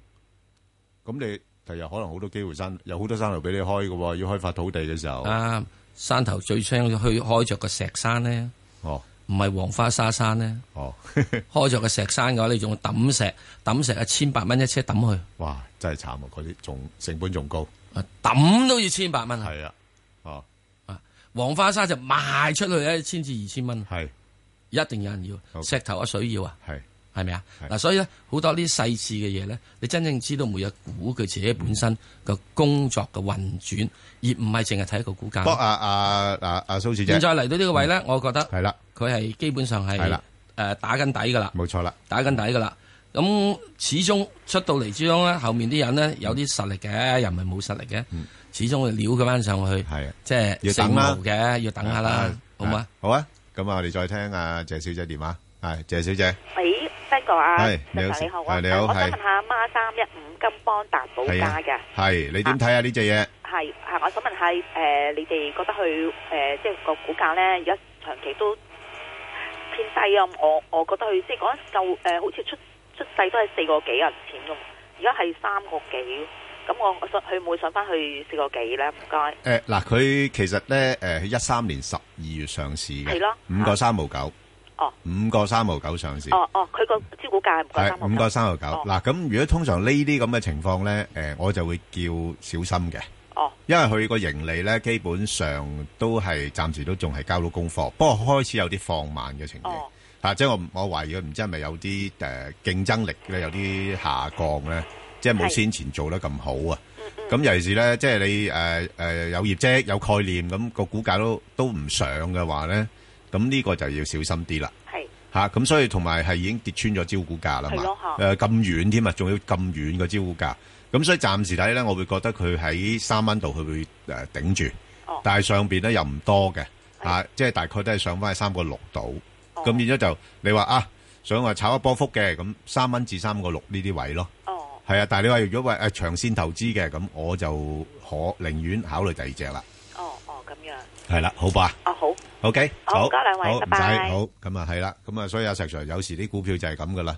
咁你第日可能好多機會山有好多山頭俾你開嘅，要開發土地嘅時候啊，山頭最初去開着個石山咧，哦，唔係黃花沙山咧，哦， 開着個石山嘅話你，你仲抌石抌石啊，千八蚊一車抌去，哇，真係慘啊，嗰啲仲成本仲高，啊抌都要千八蚊，係啊。黃花沙就賣出去一千至二千蚊，係一定有人要石頭啊、水要是是是啊，係係咪啊？嗱，所以咧，好多呢啲細致嘅嘢咧，你真正知道每隻股佢自己本身嘅工作嘅運轉，而唔係淨係睇一個股價。不啊啊啊啊蘇小姐，現在嚟到呢個位咧、嗯，我覺得係啦，佢係基本上係誒打緊底噶啦，冇錯啦，打緊底噶啦。咁始終出到嚟之中咧，後面啲人咧有啲實力嘅、嗯，又唔係冇實力嘅。嗯始終會撩佢翻上去，係即係要等啦，嘅要等下啦，好嘛？好啊，咁啊，我哋再聽阿謝小姐電話，係謝小姐。喂，邊個啊？陳生你好啊，你好。我想問下孖三一五金邦達寶嘉嘅，係你點睇啊？呢隻嘢係係，我想問下誒，你哋覺得佢誒，即係個股價咧，而家長期都偏低啊？我我覺得佢即係嗰陣就誒，好似出出世都係四個幾銀錢噶，而家係三個幾。咁我佢唔會上翻去試過幾咧？唔該。誒嗱，佢其實咧誒一三年十二月上市嘅。係咯。五個三毫九。哦。五個三毫九上市。哦哦，佢個招股價係五個三毫九。係五個三毫九。嗱，咁如果通常呢啲咁嘅情況咧，誒我就會叫小心嘅。哦。因為佢個盈利咧，基本上都係暫時都仲係交到功課，不過開始有啲放慢嘅情況。哦。啊，即係我我懷疑佢唔知係咪有啲誒競爭力咧有啲下降咧。即係冇先前做得咁好啊。咁尤其是咧，即係你誒誒有業績、有概念，咁個股價都都唔上嘅話咧，咁呢個就要小心啲啦。係吓咁，所以同埋係已經跌穿咗招股價啦嘛。誒咁遠添啊，仲要咁遠個招股價。咁所以暫時睇咧，我會覺得佢喺三蚊度，佢會誒頂住。哦。但係上面咧又唔多嘅吓，即係大概都係上翻係三個六度。哦。咁變咗就你話啊，想話炒一波幅嘅，咁三蚊至三個六呢啲位咯。係啊，但係你話如果話誒長線投資嘅，咁我就可寧願考慮第二隻啦。哦哦，咁樣係啦，好吧。啊好，OK，好，唔該兩位，好，咁啊係啦，咁啊所以阿石 Sir，有時啲股票就係咁噶啦，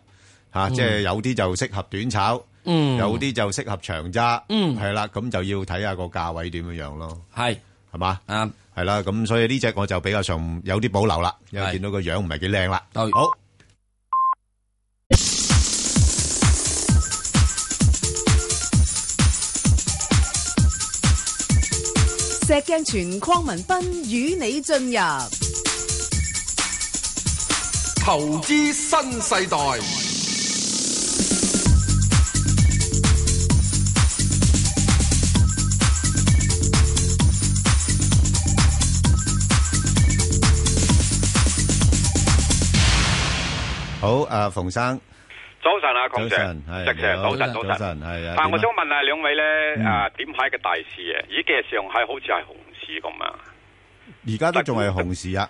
吓、嗯、即、啊、係、就是、有啲就適合短炒，嗯，有啲就適合長揸，嗯，係啦，咁就要睇下個價位點樣樣咯，係，係嘛，啊、嗯，係啦，咁所以呢隻我就比較上有啲保留啦，因為見到個樣唔係幾靚啦，好。石鏡泉、鄺文斌與你進入投資新世代。好，啊，馮生。早晨啊，鄺 Sir，多謝早晨，早晨係啊。但係我想問啊，兩位咧啊，點睇嘅大市嘅？依家上海好似係熊市咁啊，而家都仲係熊市啊。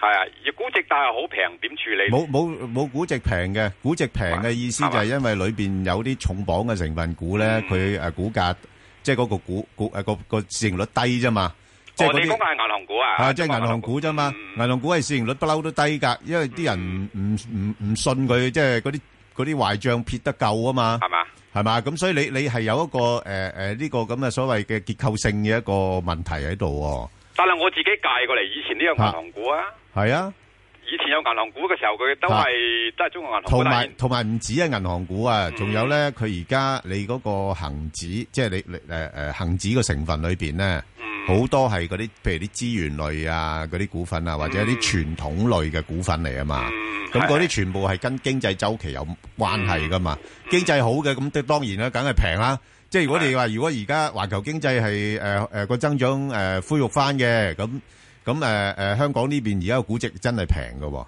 係啊，而估值，但係好平，點處理？冇冇冇，估值平嘅，估值平嘅意思就係因為裏邊有啲重磅嘅成分股咧，佢誒股價即係嗰個股股誒個個市盈率低啫嘛。我哋講嘅係銀行股啊。係即係銀行股啫嘛，銀行股係市盈率不嬲都低噶，因為啲人唔唔唔唔信佢，即係嗰啲。嗰啲壞賬撇得夠啊嘛，係嘛，係嘛，咁所以你你係有一個誒誒呢個咁嘅所謂嘅結構性嘅一個問題喺度、哦。但係我自己介過嚟，以前呢個銀行股啊，係啊，啊，以前有銀行股嘅時候，佢都係、啊、都係中國銀行股。同埋同埋唔止啊，銀行股啊，仲有咧，佢而家你嗰個恒指，即係你你誒誒恒指嘅成分裏邊咧。好多係嗰啲，譬如啲資源類啊，嗰啲股份啊，或者啲傳統類嘅股份嚟啊嘛。咁嗰啲全部係跟經濟週期有關係㗎嘛。經濟好嘅，咁當然啦，梗係平啦。即係如果你話，如果而家環球經濟係誒誒個增長誒恢復翻嘅，咁咁誒誒香港呢邊而家估值真係平㗎。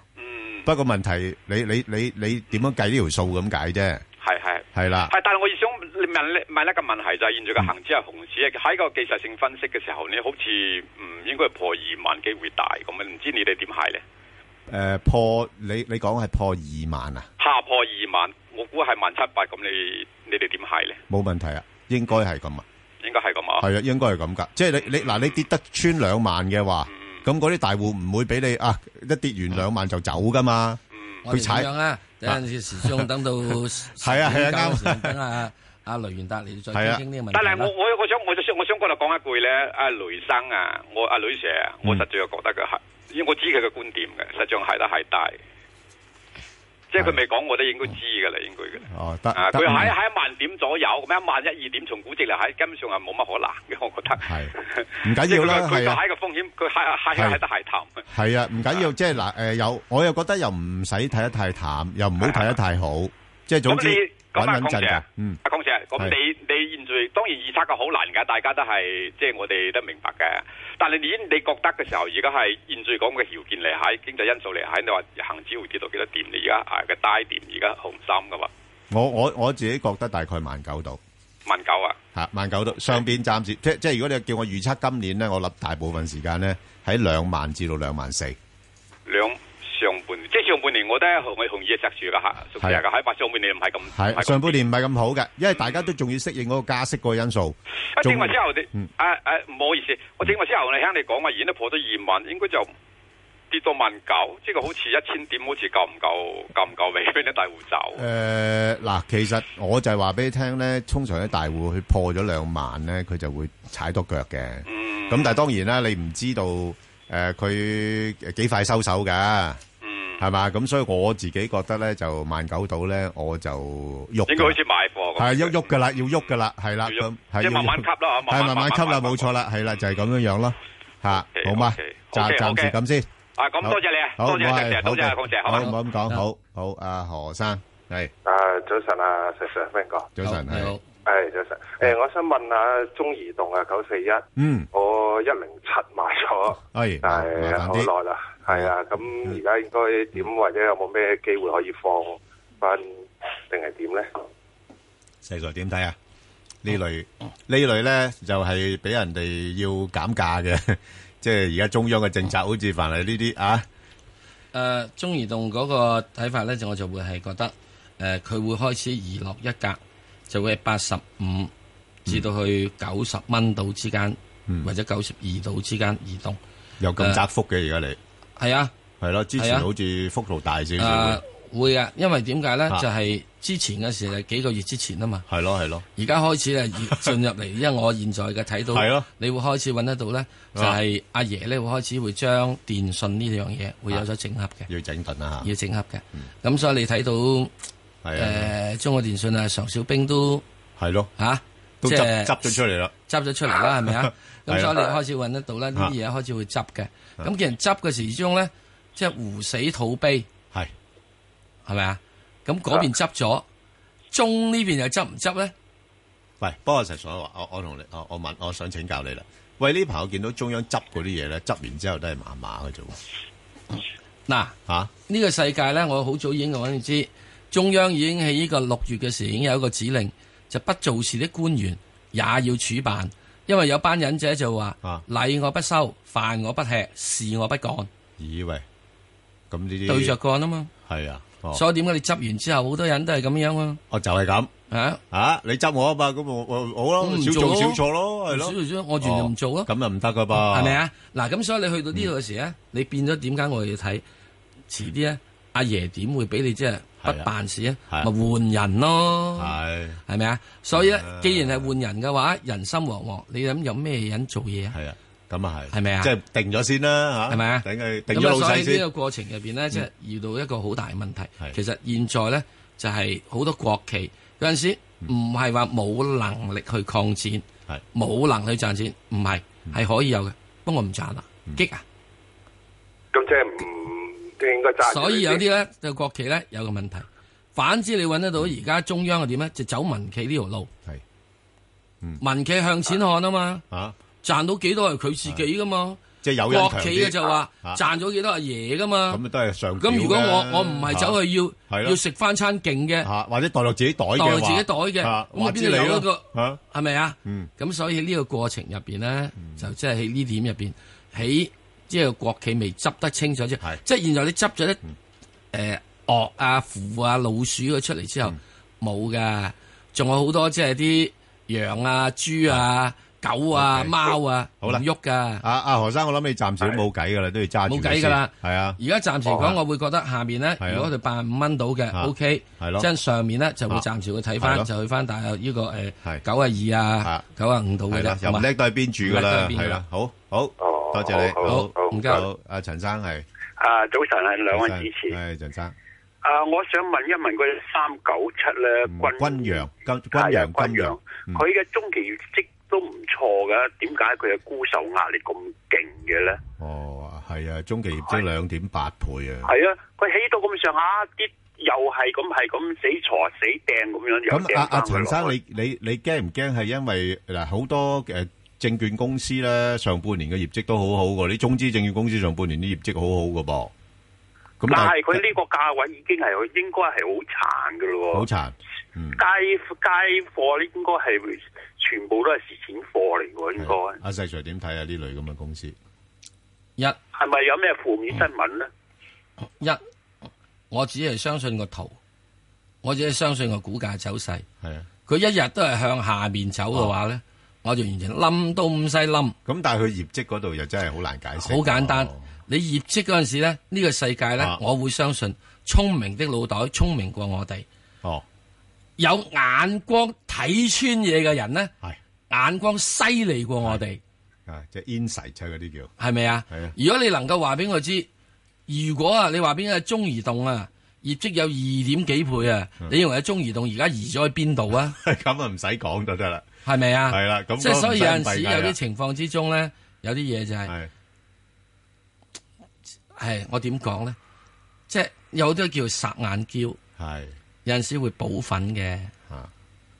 不過問題，你你你你點樣計呢條數咁解啫？係係係啦。係，但係我亦想。你問你問一個問題就係，是，現在嘅恆指啊，紅指啊，喺個技術性分析嘅時候，你好似唔，嗯、應該破二萬機會大，咁啊唔知你哋點睇咧？誒，呃、破你你講係破二萬啊？下破二萬，我估係萬七百萬七八。咁你你哋點睇咧？冇問題啊，應該係咁啊，應該係咁啊，係啊，應該係咁噶。即係你你嗱，嗯，你跌得穿兩萬嘅話，咁嗰啲大戶唔會俾你啊一跌完兩萬就走噶嘛？去，嗯、踩點啊？有陣時時鐘等到係啊係啊啱，啊。 雷達，你再澄清、啊、但係我我我想我想我想過嚟講一句咧，阿雷生啊，我阿呂 Sir，,、啊我，雷 Sir 啊、我實在又覺得佢，係、嗯，我知佢嘅觀點嘅，實上係得係大，啊、即係佢未講，我都應該知噶啦，應該嘅。哦，得佢喺喺一萬點左右，咁一萬一二點從估值，嚟睇，根本上係冇乜可能嘅，我覺得係唔緊要啦，佢、就、喺、是、個風險，佢喺喺得係淡。係啊，唔緊要，即係嗱，誒，有，我又覺得又唔使睇得太淡，又唔好睇得太好，啊、即係總之。講下康姐，嗯，阿康姐，咁你你現在當然預測嘅好難噶，大家都係即係我哋都明白嘅。但係你你覺得嘅時候，而家係現在講嘅條件嚟喺經濟因素嚟喺，你話恒指會跌到幾多點？你而家啊嘅低點而家好唔深噶嘛？我我我自己覺得大概萬九度，萬九啊，吓萬九度。上邊暫時即即係如果你叫我預測今年咧，我諗大部分時間咧喺兩萬至到兩萬四兩。我都同我同意嘅石柱啦吓，石柱啊，喺上半年唔係咁，上半年唔係咁好嘅，因為大家都仲要適應嗰個加息嗰個因素。啊，整完之後啲，誒誒，唔好意思，我整完之後你聽你講話已經都破咗二萬，應該就跌到萬九，即係好似一千點，好似夠唔夠，夠唔夠俾啲大戶走？誒，嗱，其實我就係話俾你聽咧，通常啲大戶去破咗兩萬咧，佢就會踩多腳嘅。嗯，咁但係當然啦，你唔知道誒，佢幾快收手㗎。係嘛？咁所以我自己覺得咧，就萬九到咧，我就喐。應該好似買貨。係喐喐噶啦，要喐噶啦，係啦。係慢慢吸啦，係慢慢吸啦，冇錯啦，係啦，就係咁樣樣咯。嚇，好嘛？暫暫時咁先。啊，咁多謝你，多謝多謝，多謝，多謝，好唔好咁講？好好，阿何生係。啊，早晨啊，石石邊個？早晨，你好。係、哎，確、就、實、是。誒、欸，我想問下中移動 941,、嗯哎、啊，九四一，嗯，我一零七買咗，係，係好耐啦，係啊。咁而家應該點或者有冇咩機會可以放翻定係點咧？呢啊嗯呢就是、 現在點睇啊？呢類呢類咧就係俾人哋要減價嘅，即係而家中央嘅政策好似凡係呢啲啊。誒、呃，中移動嗰個睇法咧，就我就會係覺得，誒、呃，佢會開始移落一格。就會係八十五至到去九十蚊度之間，嗯、或者九十二度之間移動，又、嗯、咁窄幅嘅而家你係啊，係咯、啊，之前好似幅度大少少、啊呃。會嘅，因為點解咧？就係、是、之前嘅時係、就是、幾個月之前啊嘛。係咯、啊，係咯、啊。而家、啊、開始係進入嚟， 因為我現在嘅睇到，係咯、啊，你會開始搵得到咧，就係阿爺咧會開始會將電信呢樣嘢會有咗整合嘅，要整頓啊，要整合嘅。咁、嗯、所以你睇到。誒、啊啊呃，中國電信啊，常小兵都係咯吓，都執執咗出嚟啦，執咗出嚟啦，係咪啊？咁 所以你開始揾得到啦，啲、啊、嘢開始會執嘅。咁、啊、既然執嘅時呢，終咧即係狐死兔悲係係咪啊？咁嗰邊執咗，中呢邊又執唔執咧？喂，不過實所話，我我同你我我問我想請教你啦。喂，呢排我見到中央執嗰啲嘢咧，執完之後都係麻麻嘅啫。嗱、啊、吓、呢、啊這個世界咧，我好早已經講你知。中央已經喺呢個六月嘅時候已經有一個指令，就不做事的官員也要處辦，因為有班忍者就話、啊、禮我不收，飯我不吃，事我不幹。以為咁呢啲對着幹啊嘛，係啊，哦、所以點解你執完之後，好多人都係咁樣啊？哦，就係、是、咁啊啊！你執我啊嘛，咁我好咯，少做少錯咯，係、啊、咯、啊，我完、哦、就唔做咯，咁又唔得噶噃，係咪啊？嗱，咁所以你去到呢度嘅時咧、嗯，你變咗點解我哋要睇遲啲啊。阿爺點會俾你即係不辦事啊？咪換人咯，係係咪啊？所以咧、啊，既然係換人嘅話、啊，人心惶惶，你諗有咩人做嘢啊？係啊，咁啊係，係咪啊？即係定咗先啦吓，係咪啊？等佢定咗老細先咁啊，所以呢個過程入邊呢，即、嗯、係、就是、遇到一個好大嘅問題、嗯。其實現在呢，就係、是、好多國企有陣時唔係話冇能力去抗戰，冇、嗯、能力去賺錢，唔係係可以有嘅，不過唔賺啦，激啊！咁即係唔。所以有啲咧就國企咧有個問題，反之你搵得到而家中央係點咧？就、走民企呢條路、嗯。民企向錢看啊嘛。嚇、啊啊，賺到幾多係佢自己噶嘛。啊啊、即係有人強啲啊。國企嘅就話、啊啊、賺咗幾多阿爺噶嘛。咁都係常。咁、啊啊、如果我我唔係走去要、啊、要食翻餐勁嘅，或者袋落自己袋嘅話，袋落自己袋嘅，咁者有嗰係咪啊？咁、啊啊啊嗯、所以呢個過程入面咧，就即係喺呢點入面。喺。即係國企未執得清楚啫，即係現在你執咗啲誒鵝啊、腐啊、老鼠啊出嚟之後冇㗎，仲、嗯、有好多即係啲羊啊、豬啊。狗啊，貓、okay. 啊，好啦，喐噶。阿、啊、阿何生，我諗你暫時都冇計噶啦，都要揸住先冇計噶啦。係啊。而家暫時講，我會覺得下面咧，如果佢八五蚊到嘅，OK。係咯。即係上面咧，就會暫時會睇翻，就去翻大呢個誒、呃、九啊二啊，九啊五度嘅啦。又唔叻都喺邊住噶啦，係啦。好好，多謝你。好唔該，好阿陳、啊、生係。啊，早晨係兩位主持。係陳生。啊，我想問一問嗰啲三九七咧，均均揚，均均揚，均揚，佢嘅中期積。君都唔錯㗎，點解佢嘅沽售壓力咁勁嘅咧？哦，係啊，中期業績兩點八倍啊！係啊，佢起到咁上下，啲又係咁，係咁死挫死掟咁樣樣。咁阿阿陳生，你你你驚唔驚？係因為嗱好多嘅、呃、證券公司咧，上半年嘅業績都好好喎。你中資證券公司上半年啲業績好好㗎噃。咁但係佢呢個價位已經係應該係好殘㗎咯喎，好殘、嗯。街街貨咧應該係。全部都係蝕錢貨嚟嘅應該。阿細才點睇下呢這類咁嘅公司，一係咪有咩負面新聞咧？一我只係相信個圖，我只係相信個股價走勢。係啊，佢一日都係向下面走嘅話咧、哦，我就完全冧都唔使冧。咁但係佢業績嗰度又真係好難解釋。好簡單，哦、你業績嗰陣時咧，呢、這個世界咧、啊，我會相信聰明的腦袋聰明過我哋。哦。有眼光睇穿嘢嘅人咧，眼光犀利過我哋。啊，即係 insight 嗰啲叫係咪啊？係啊！如果你能夠話俾我知，如果啊，果你話邊個中移動啊，業績有二點幾倍啊，嗯、你認為中移動而家移咗去邊度啊？咁 啊，唔使講就得啦。係咪啊？係啦，即係所以有陣時有啲情況之中咧、啊，有啲嘢就係、是、係我點講咧？即、就、係、是、有啲叫撒眼嬌係。有陣時會補粉嘅，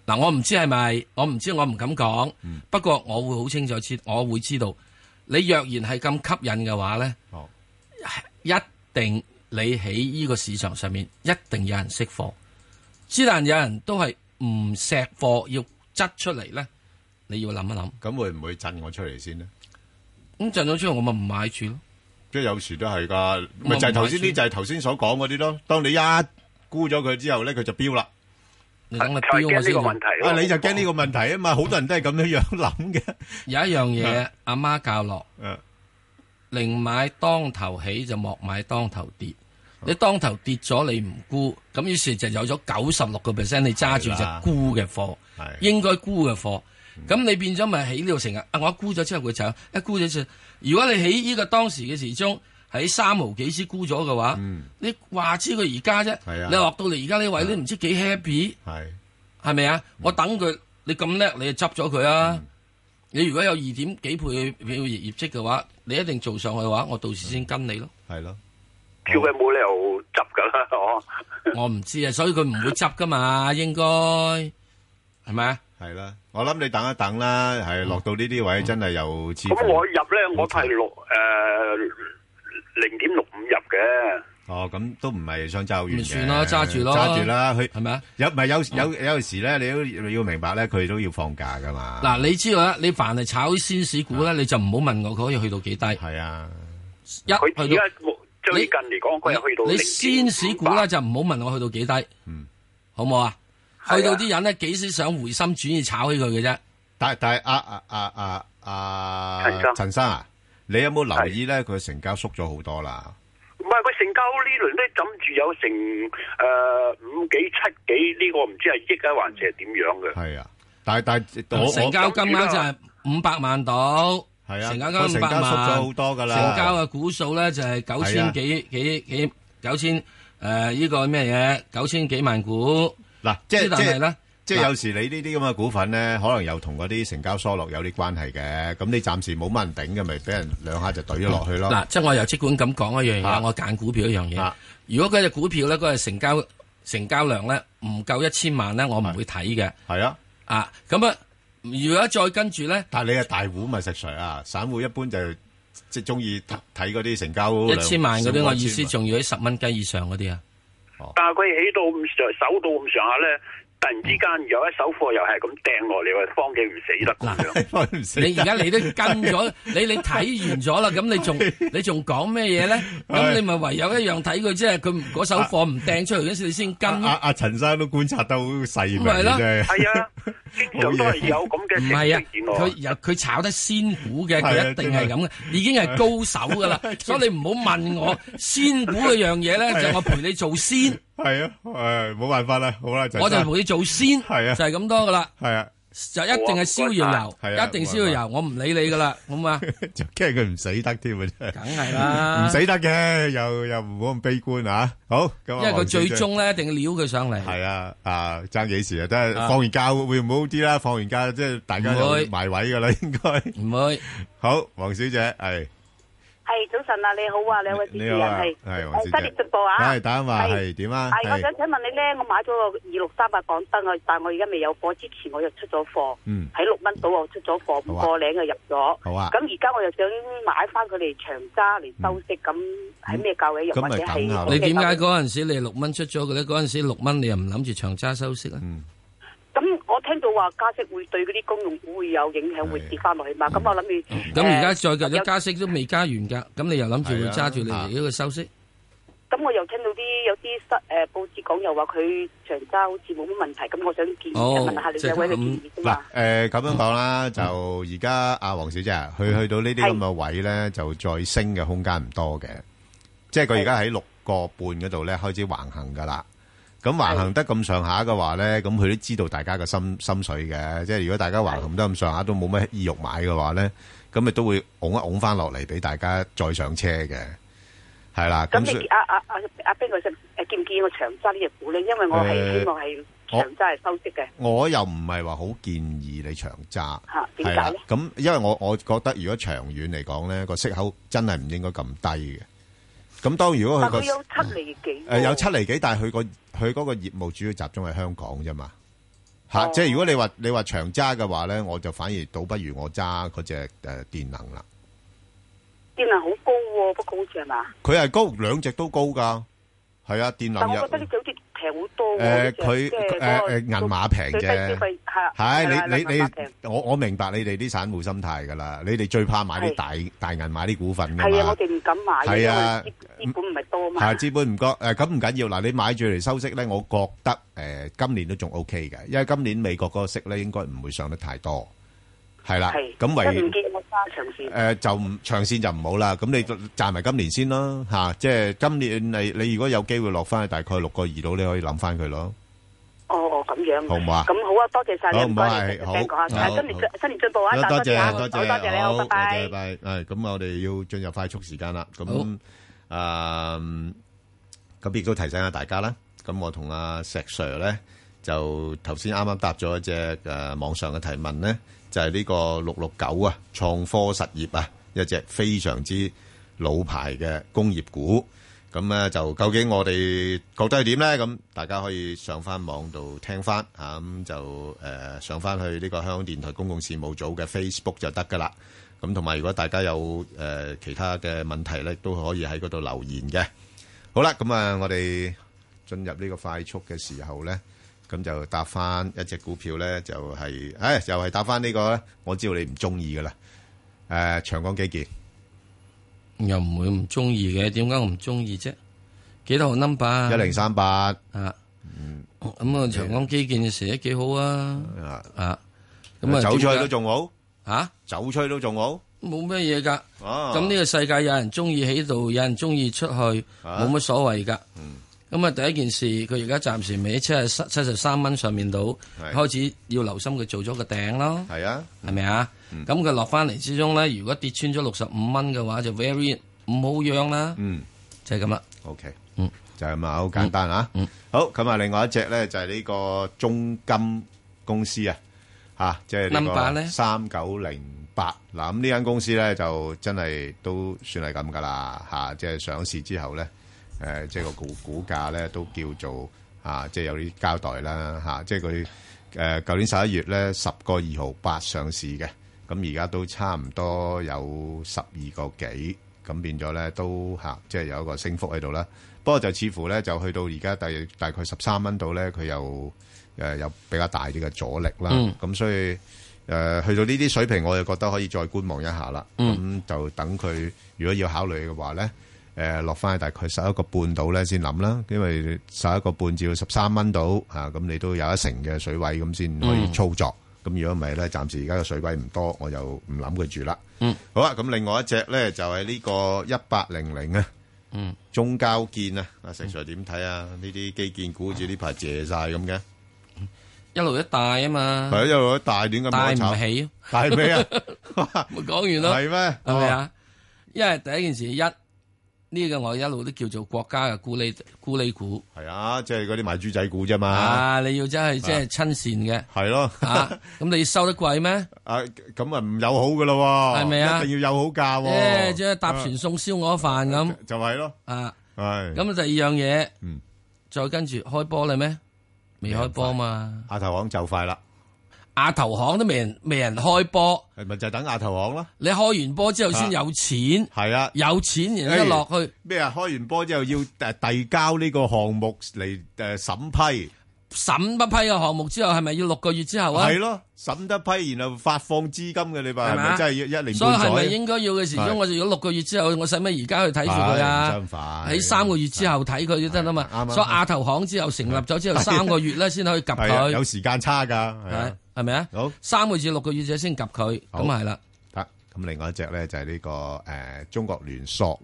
嗱我唔知係咪，我唔知是是我唔敢講，嗯，不過我會好清楚知，我會知道你若然係咁吸引嘅話咧，哦，一定你喺呢個市場上面一定有人識貨，之但有人都係唔錫貨要質出嚟咧，你要諗一諗。咁會唔會震我出嚟先呢？咁震咗出嚟，我咪唔買住咯。即係有時都係噶，咪就係頭先啲就係頭先所講嗰啲咯。當你一沽咗佢之後咧，佢就飆啦。你等佢飆我先。啊，你就驚、是、呢個問題啊、嗯、你就個問題嘛，好、嗯、多人都係咁樣樣諗嘅。有一樣嘢，阿、嗯、媽教落、嗯嗯，寧買當頭起就莫買當頭跌。嗯、你當頭跌咗，你唔沽，咁於是就有咗九十六個 percent 你揸住隻沽嘅貨，應該沽嘅貨。咁、嗯、你變咗咪喺呢度成日啊？我沽咗之後佢就一沽咗就，如果你喺呢個當時嘅時鐘。喺三毫幾先沽咗嘅話，你話知佢而家啫。你落到嚟而家呢位，你唔知幾 happy，係係咪啊？我等佢，你咁叻，你就執咗佢啊！你如果有二點幾倍嘅業業績嘅話，你一定做上去嘅話，我到時先跟你咯。係咯，調佢冇理由執㗎啦，我我唔知啊，所以佢唔會執㗎嘛，應該係咪啊？係啦，我諗你等一等啦，係落到呢啲位真係又。咁我入咧，我係六誒。零點六五入嘅，哦，咁都唔係想揸完，算啦，揸住咯，揸住啦，佢係咪啊？有咪有有有？有有時咧、嗯，你都要要明白咧，佢都要放假噶嘛。嗱，你知道啦、啊，你凡係炒仙士股咧、嗯，你就唔好問我佢可以去到幾低。係、嗯、啊，一佢而、嗯、最近嚟講，佢係去到你。你仙士股咧、嗯、就唔好問我去到幾低，好好嗯，好唔好啊？去到啲人咧幾時想回心轉意炒起佢嘅啫？但但阿阿阿阿陳生，陳生啊？你有冇留意咧？佢成交縮咗好多啦。唔係，佢成交呢輪都枕住有成誒五幾七幾呢個唔知係億啊，還是係點樣嘅？係啊，但係但係，我成交金額就係五百萬度。係啊，成交金五百萬。成交縮咗好多㗎啦。成交嘅股數咧就係九千幾幾幾九千誒呢個咩嘢？九千幾萬股嗱，即係但係咧。即係有時你呢啲咁嘅股份咧，可能又同嗰啲成交疏落有啲關係嘅。咁你暫時冇乜人頂嘅，咪俾人兩下就懟咗落去咯。嗱、啊，即係我由即管咁講一樣嘢、啊，我揀股票一樣嘢、啊。如果嗰隻股票咧，嗰個成交成交量咧唔夠一千萬咧，我唔會睇嘅。係啊，啊，啊咁啊，如果再跟住咧，但係你係大戶咪食水啊？散戶一般就即係中意睇嗰啲成交一千萬嗰啲。我意思仲要喺十蚊雞以上嗰啲啊。但係佢起到咁上，守到咁上下咧。突然之間有一手貨又係咁掟落嚟，方景唔死得嗱，你而家你都跟咗，你你睇完咗啦，咁你仲你仲講咩嘢咧？咁你咪唯有一樣睇佢，即係佢嗰手貨唔掟出嚟嗰時，你先跟。阿阿陳生都觀察得好細，唔係啦，係啊，咁都係有咁嘅情況。唔係啊，佢又佢炒得仙股嘅，佢一定係咁嘅，已經係高手噶啦。所以你唔好問我仙股嗰樣嘢咧，就我陪你做仙。係啊，誒，冇辦法啦，好啦就我就同你做先，就係咁多噶啦，係啊，就一定係燒完油，一定燒完油，我唔理你噶啦，咁啊，驚佢唔死得添，梗係啦，唔死得嘅，又又唔好咁悲觀啊。好，因為佢最終咧一定撩佢上嚟，係啊，啊，爭幾時啊，都係放完假會唔好啲啦？放完假即係大家埋位噶啦，應該唔會，好，黃小姐，係。係早晨啊，你好啊，兩位主持人係，係、啊，熱烈、啊、直播啊，係打電話係點啊？係我想請問你咧，我買咗個二六三八港燈啊，但係我而家未有貨，之前我就出咗貨，喺六蚊度我出咗貨，半個零嘅入咗，好啊，咁而家我又想買翻佢哋長揸嚟收息咁，喺咩價位入？咁咪等下？你點解嗰陣時你六蚊出咗嘅咧？嗰陣時六蚊你又唔諗住長揸收息咧？嗯啊！加息會對嗰啲公用股會有影響，會跌翻落去嘛？咁我諗住咁而家再若果加息都未加完㗎，咁你又諗住會揸住你嚟一個收息？咁我又聽到啲有啲失誒報紙講，又話佢長洲好似冇乜問題。咁我想建議問下兩位嘅建議啫嘛。誒咁樣講啦，就而家阿黃小姐佢去到呢啲咁嘅位咧，就再升嘅空間唔多嘅，即係佢而家喺六個半嗰度咧開始橫行㗎啦。咁橫行得咁上下嘅話咧，咁佢都知道大家嘅心心水嘅，即係如果大家橫行得咁上下都冇乜意欲買嘅話咧，咁咪都會拱一拱翻落嚟俾大家再上車嘅，係啦。咁你阿阿阿阿兵哥，誒建唔建議我長揸呢隻股咧？因為我係、呃、希望係長揸係收息嘅。我又唔係話好建議你長揸嚇，點解咧？咁、啊、因為我我覺得如果長遠嚟講咧，個息口真係唔應該咁低嘅。咁當然如果佢、那個誒有七厘幾、呃嗯、幾，但係佢、那個佢嗰個業務主要集中喺香港啫嘛，吓、嗯啊、即係如果你，你話你話長揸嘅話咧，我就反而倒不如我揸嗰隻誒電能啦。電能好高、哦、高，高，不過好似係嘛？佢係高，兩隻都高噶，係啊，電能入。好多，誒佢誒誒銀碼平啫，係啊，係你你你，我我明白你哋啲散戶心態噶啦，你哋最怕買啲大的大銀碼啲股份嘅，嘛？我哋唔敢買，係的啊，資資本唔係多嘛，係資本唔夠，誒咁唔緊要，嗱你買住嚟收息咧，我覺得誒、呃、今年都仲 O K 嘅，因為今年美國嗰個息咧應該唔會上得太多。係啦，咁為，誒，就唔長線就唔好啦。咁你賺埋今年先咯，吓，即係今年你你如果有機會落翻去大概六個二度，你可以諗翻佢咯。哦，咁樣，好唔好啊？咁好啊，多謝晒你，唔該，聽講下，係新年新新年進步啊！多謝，多謝，多謝你，好，拜拜，拜拜。誒，咁我哋要進入快速時間啦。咁，誒，咁亦都提醒下大家啦。咁我同阿石 Sir 咧，就頭先啱啱答咗一隻誒網上嘅提問咧。就係、是、呢個六六九啊，創科實業啊，一隻非常之老牌嘅工業股。咁咧就究竟我哋覺得係點咧？咁大家可以上翻網度聽翻吓，咁就誒、呃、上翻去呢個香港電台公共事務組嘅 Facebook 就得㗎啦。咁同埋如果大家有誒、呃、其他嘅問題咧，都可以喺嗰度留言嘅。好啦，咁啊，我哋進入呢個快速嘅時候咧。咁就搭翻一隻股票咧，就係、是，誒、哎，又係搭翻呢個咧，我知道你唔中意噶啦。誒、呃，長江基建又唔會唔中意嘅，點解我唔中意啫？幾多號 number？一零三八。1038, 啊，嗯。咁、嗯、啊，長江基建成日幾好啊。啊，咁啊,啊,啊，走出去都仲好。吓？走出去都仲好？冇咩嘢噶。咁呢個世界有人中意喺度，有人中意出去，冇、啊、乜所謂噶。嗯。咁啊，第一件事，佢而家暫時未喺七七十三蚊上面度，開始要留心佢做咗個頂咯。係啊，係咪啊？咁佢落返嚟之中咧，如果跌穿咗六十五蚊嘅話，就 very 唔好樣啦。嗯，就係咁啦。OK，嗯，就係咁啊，好簡單啊。嗯，好。咁啊，另外一隻咧就係呢個中金公司、嗯、啊，嚇、就是，即係呢個三九零八。嗱，咁呢間公司咧就真係都算係咁㗎啦嚇，即、啊、係、就是、上市之後咧。誒、呃，即係個股，股價咧，都叫做啊，即係有啲交代啦嚇、啊。即係佢誒，舊、呃、年十一月咧，十個二毫八上市嘅，咁而家都差唔多有十二個幾，咁變咗咧都嚇、啊，即係有一個升幅喺度啦。不過就似乎咧，就去到而家第大概十三蚊度咧，佢又誒有比較大啲嘅阻力啦。咁、嗯、所以誒、呃，去到呢啲水平，我就覺得可以再觀望一下啦。咁、嗯、就等佢，如果要考慮嘅話咧。誒，落翻去大概十一個半度咧，先諗啦。因為十一個半至到十三蚊度吓，咁你都有一成嘅水位，咁先可以操作。咁如果唔係咧，暫時而家嘅水位唔多，我就唔諗佢住啦。嗯，好啦，咁另外一隻咧就係呢個一八零零啊，嗯，中交建啊，阿成 sir 點睇啊？呢啲基建股住呢排借晒咁嘅，一路一帶啊嘛，係啊，一路一帶短嘅大尾起，大尾啊，冇講完咯，係咩？係咪啊？因為第一件事一。呢、這個我一路都叫做國家嘅咕喱咕喱股，係啊，即係嗰啲賣豬仔股啫嘛。啊，你要真係即係親善嘅，係咯、啊。咁、啊、 你收得貴咩？啊，咁啊唔友好噶咯，係咪啊？一定要友好價、啊欸。即係搭船送燒鵝飯咁，就係咯。啊，係、就是。咁啊，第二樣嘢，嗯，再跟住開波啦咩？未開波嘛。阿頭講就快啦。亞投行都未人未人開波，係咪就等亞投行啦？你開完波之後先有錢，係啊，啊，有錢然後一落去咩啊、欸？開完波之後要誒、呃、遞交呢個項目嚟誒審批，審不批個項目之後係咪要六個月之後啊？係咯、啊，審得批然後發放資金嘅你話係咪真係要一年？所以係咪應該要嘅時鐘、啊？我如果六個月之後，我使乜而家去睇住佢啊？相、哎、反，喺三個月之後睇佢、啊、就得啊嘛、啊啊。所以亞投行之後成立咗之後三個月咧，先可以及佢、啊啊 啊。有時間差噶。係咪啊？好三個月至六個月者先及佢，咁啊係啦。得咁，另外一隻咧就係呢、這個誒、呃、中國聯塑。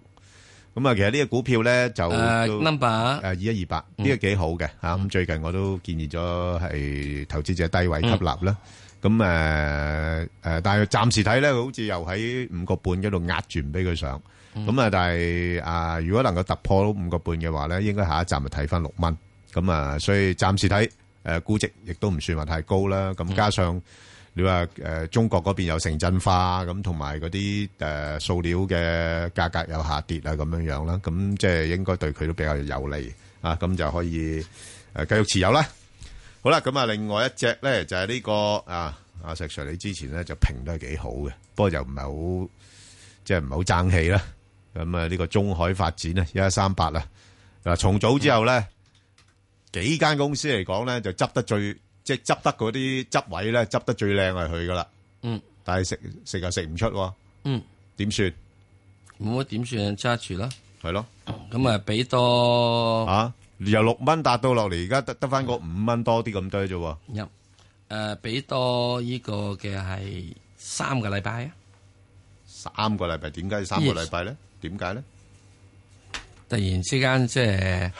咁啊，其實呢個股票咧就 number 誒二一二八，呢、呃嗯這個幾好嘅吓。咁、嗯啊、最近我都建議咗係投資者低位吸納啦。咁誒誒，但係暫時睇咧，好似又喺五個半度壓住唔俾佢上。咁、嗯、啊，但係啊、呃，如果能夠突破到五個半嘅話咧，應該下一站就睇翻六蚊。咁啊，所以暫時睇。誒估值亦都唔算話太高啦，咁加上你話誒中國嗰邊有城鎮化咁，同埋嗰啲誒塑料嘅價格有下跌啊，咁樣樣啦，咁即係應該對佢都比較有利啊，咁就可以誒繼續持有啦。好啦，咁啊，另外一隻咧就係呢個啊阿石 Sir，你之前咧就評得係幾好嘅，不過又唔係好即係唔係好爭氣啦。咁啊，呢個中海發展啊，一一三八啦，嗱重組之後咧。幾間公司嚟講咧，就執得最，即係執得嗰啲執位咧，執得最靚係佢噶啦。嗯，但係食食又食唔出。嗯，點算？冇乜點算？揸住啦。係咯。咁啊，俾多啊由六蚊達到落嚟，而家得得翻個五蚊多啲咁多啫。入誒，俾多呢個嘅係三個禮拜啊。三個禮拜，點解三個禮拜咧？點解咧？突然之間即係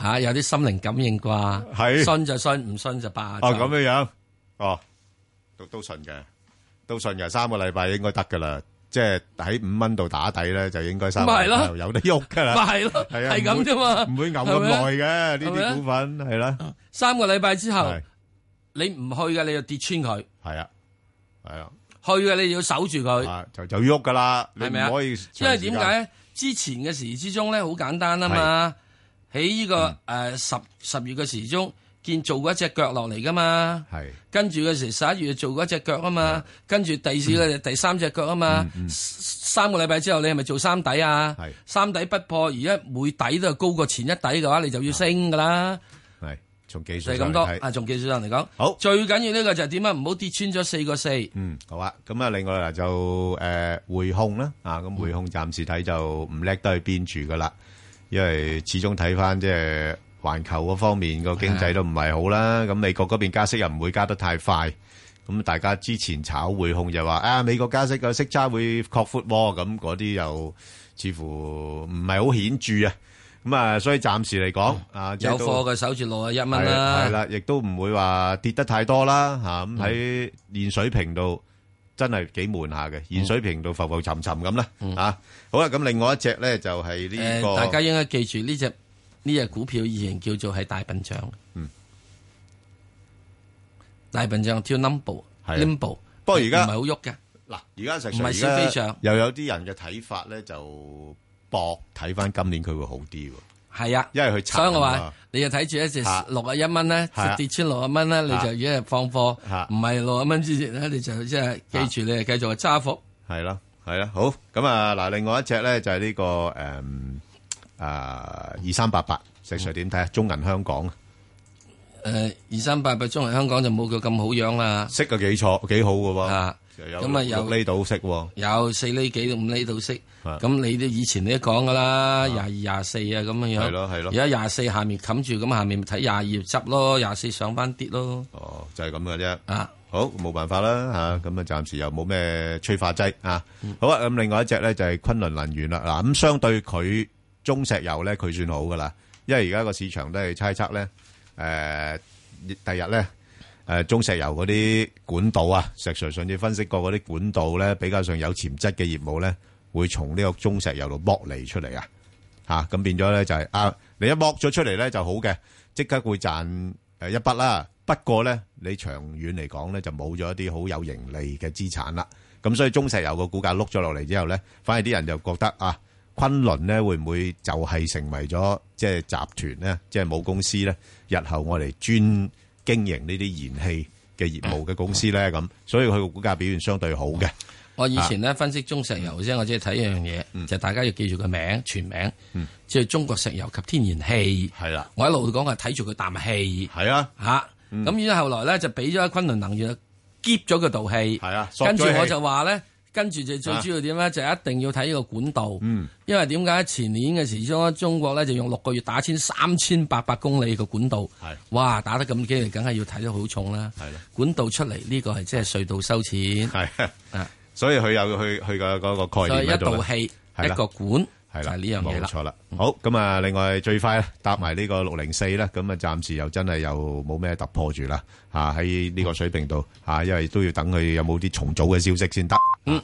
吓有啲心靈感應啩，信就信，唔信就罷。哦咁樣樣，哦都都信嘅，都信嘅三個禮拜應該得噶啦，即係喺五蚊度打底咧就應該三。咪係咯，有得喐噶啦。咪係咯，係啊，係咁啫嘛，唔會牛咁耐嘅呢啲股份係啦。三個禮拜之後你唔去嘅，你就跌穿佢。係啊，係啊，去嘅你要守住佢。就就喐噶啦，你唔可以。即係點解？之前嘅時之中咧，好簡單啊嘛！喺呢、呢個誒、嗯呃、十十月嘅時中，見做過一隻腳落嚟噶嘛，跟住嘅時十一月做過一隻腳啊嘛，啊跟住第二次、嗯、第三隻腳啊嘛、嗯嗯，三個禮拜之後你係咪做三底啊？三底不破，而家每底都係高過前一底嘅話，你就要升噶啦。就係咁多啊！從技術上嚟講，好，最緊要呢個就係點啊？唔好跌穿咗四個四。嗯，好啊。咁啊，另外嗱就誒匯控啦啊。咁匯控暫時睇就唔叻得去邊住噶啦，因為始終睇返即係環球嗰方面個經濟都唔係好啦。咁美國嗰邊加息又唔會加得太快。咁大家之前炒匯控就話啊，美國加息個息差會擴闊喎。咁嗰啲又似乎唔係好顯著啊。咁啊，所以暫時嚟講，啊有貨嘅守住六啊一蚊啦，係啦，亦都唔會話跌得太多啦，嚇咁喺現水平度真係幾悶下嘅，現水平度浮浮沉沉咁啦，嚇好啦。咁另外一隻咧就係呢個，大家應該記住呢隻呢隻股票以前叫做係大笨象，嗯，大笨象跳 number number，不過而家唔係好喐嘅，嗱而家實在而家又有啲人嘅睇法咧就。博睇翻今年佢會好啲喎，係啊，因為佢差，所以我話你就睇住一隻六啊一蚊咧，跌穿六啊蚊咧，你就已經放貨，唔係六啊蚊之前咧，你就即係記住你係繼續揸幅，係啦、啊，係啦、啊啊，好咁啊嗱，另外一隻咧就係、是、呢、這個誒、嗯、啊二三八八石瑞點睇啊？中銀香港。誒、呃，二三八八中嚟香港就冇佢咁好樣啦。識嘅幾錯幾好㗎喎，咁啊有呢度識有四呢幾都五呢度識咁你都以前你都講噶啦廿二廿四啊咁樣樣，而家廿四下面冚住，咁下面咪睇廿二執咯，廿四上翻跌咯。哦，就係咁嘅啫。啊，好冇辦法啦吓，咁啊暫時又冇咩催化劑啊。嗯、好啊，咁另外一隻咧就係、是、昆崙能源啦嗱。咁相對佢中石油咧，佢算好噶啦，因為而家個市場都係猜測咧。誒、呃、第日咧，誒、呃、中石油嗰啲管道啊，石尚上次分析過嗰啲管道咧，比較上有潛質嘅業務咧，會從呢個中石油度剝離出嚟啊！嚇，咁變咗咧就係、是、啊，你一剝咗出嚟咧就好嘅，即刻會賺誒一筆啦。不過咧，你長遠嚟講咧就冇咗一啲好有盈利嘅資產啦。咁所以中石油個股價碌咗落嚟之後咧，反而啲人就覺得啊～昆崙咧會唔會就係成為咗即係集團咧，即係母公司咧？日後我哋專經營呢啲燃氣嘅業務嘅公司咧，咁、嗯、所以佢個股價表現相對好嘅。我以前咧分析中石油先、嗯，我即係睇一樣嘢、嗯嗯，就是、大家要記住個名全名，即、就、係、是、中國石油及天然氣。係、嗯、啦，我一路講係睇住佢啖氣。係啊，吓、啊、咁，然、嗯、後來咧就俾咗昆崙能源 keep 咗個道氣。係啊，跟住我就話咧。跟住就最主要點咧，就一定要睇呢個管道，嗯、因為點解前年嘅時中中國咧就用六個月打穿三千八百公里嘅管道，哇打得咁驚人，梗係要睇得好重啦。管道出嚟呢、這個係即係隧道收錢，係所以佢有去去個個概念喺度。所以一道氣一個管係啦呢樣嘢錯啦。好咁啊，另外最快搭埋呢個六零四啦，咁啊暫時又真係又冇咩突破住啦，吓喺呢個水平度吓，因為都要等佢有冇啲重組嘅消息先得。嗯。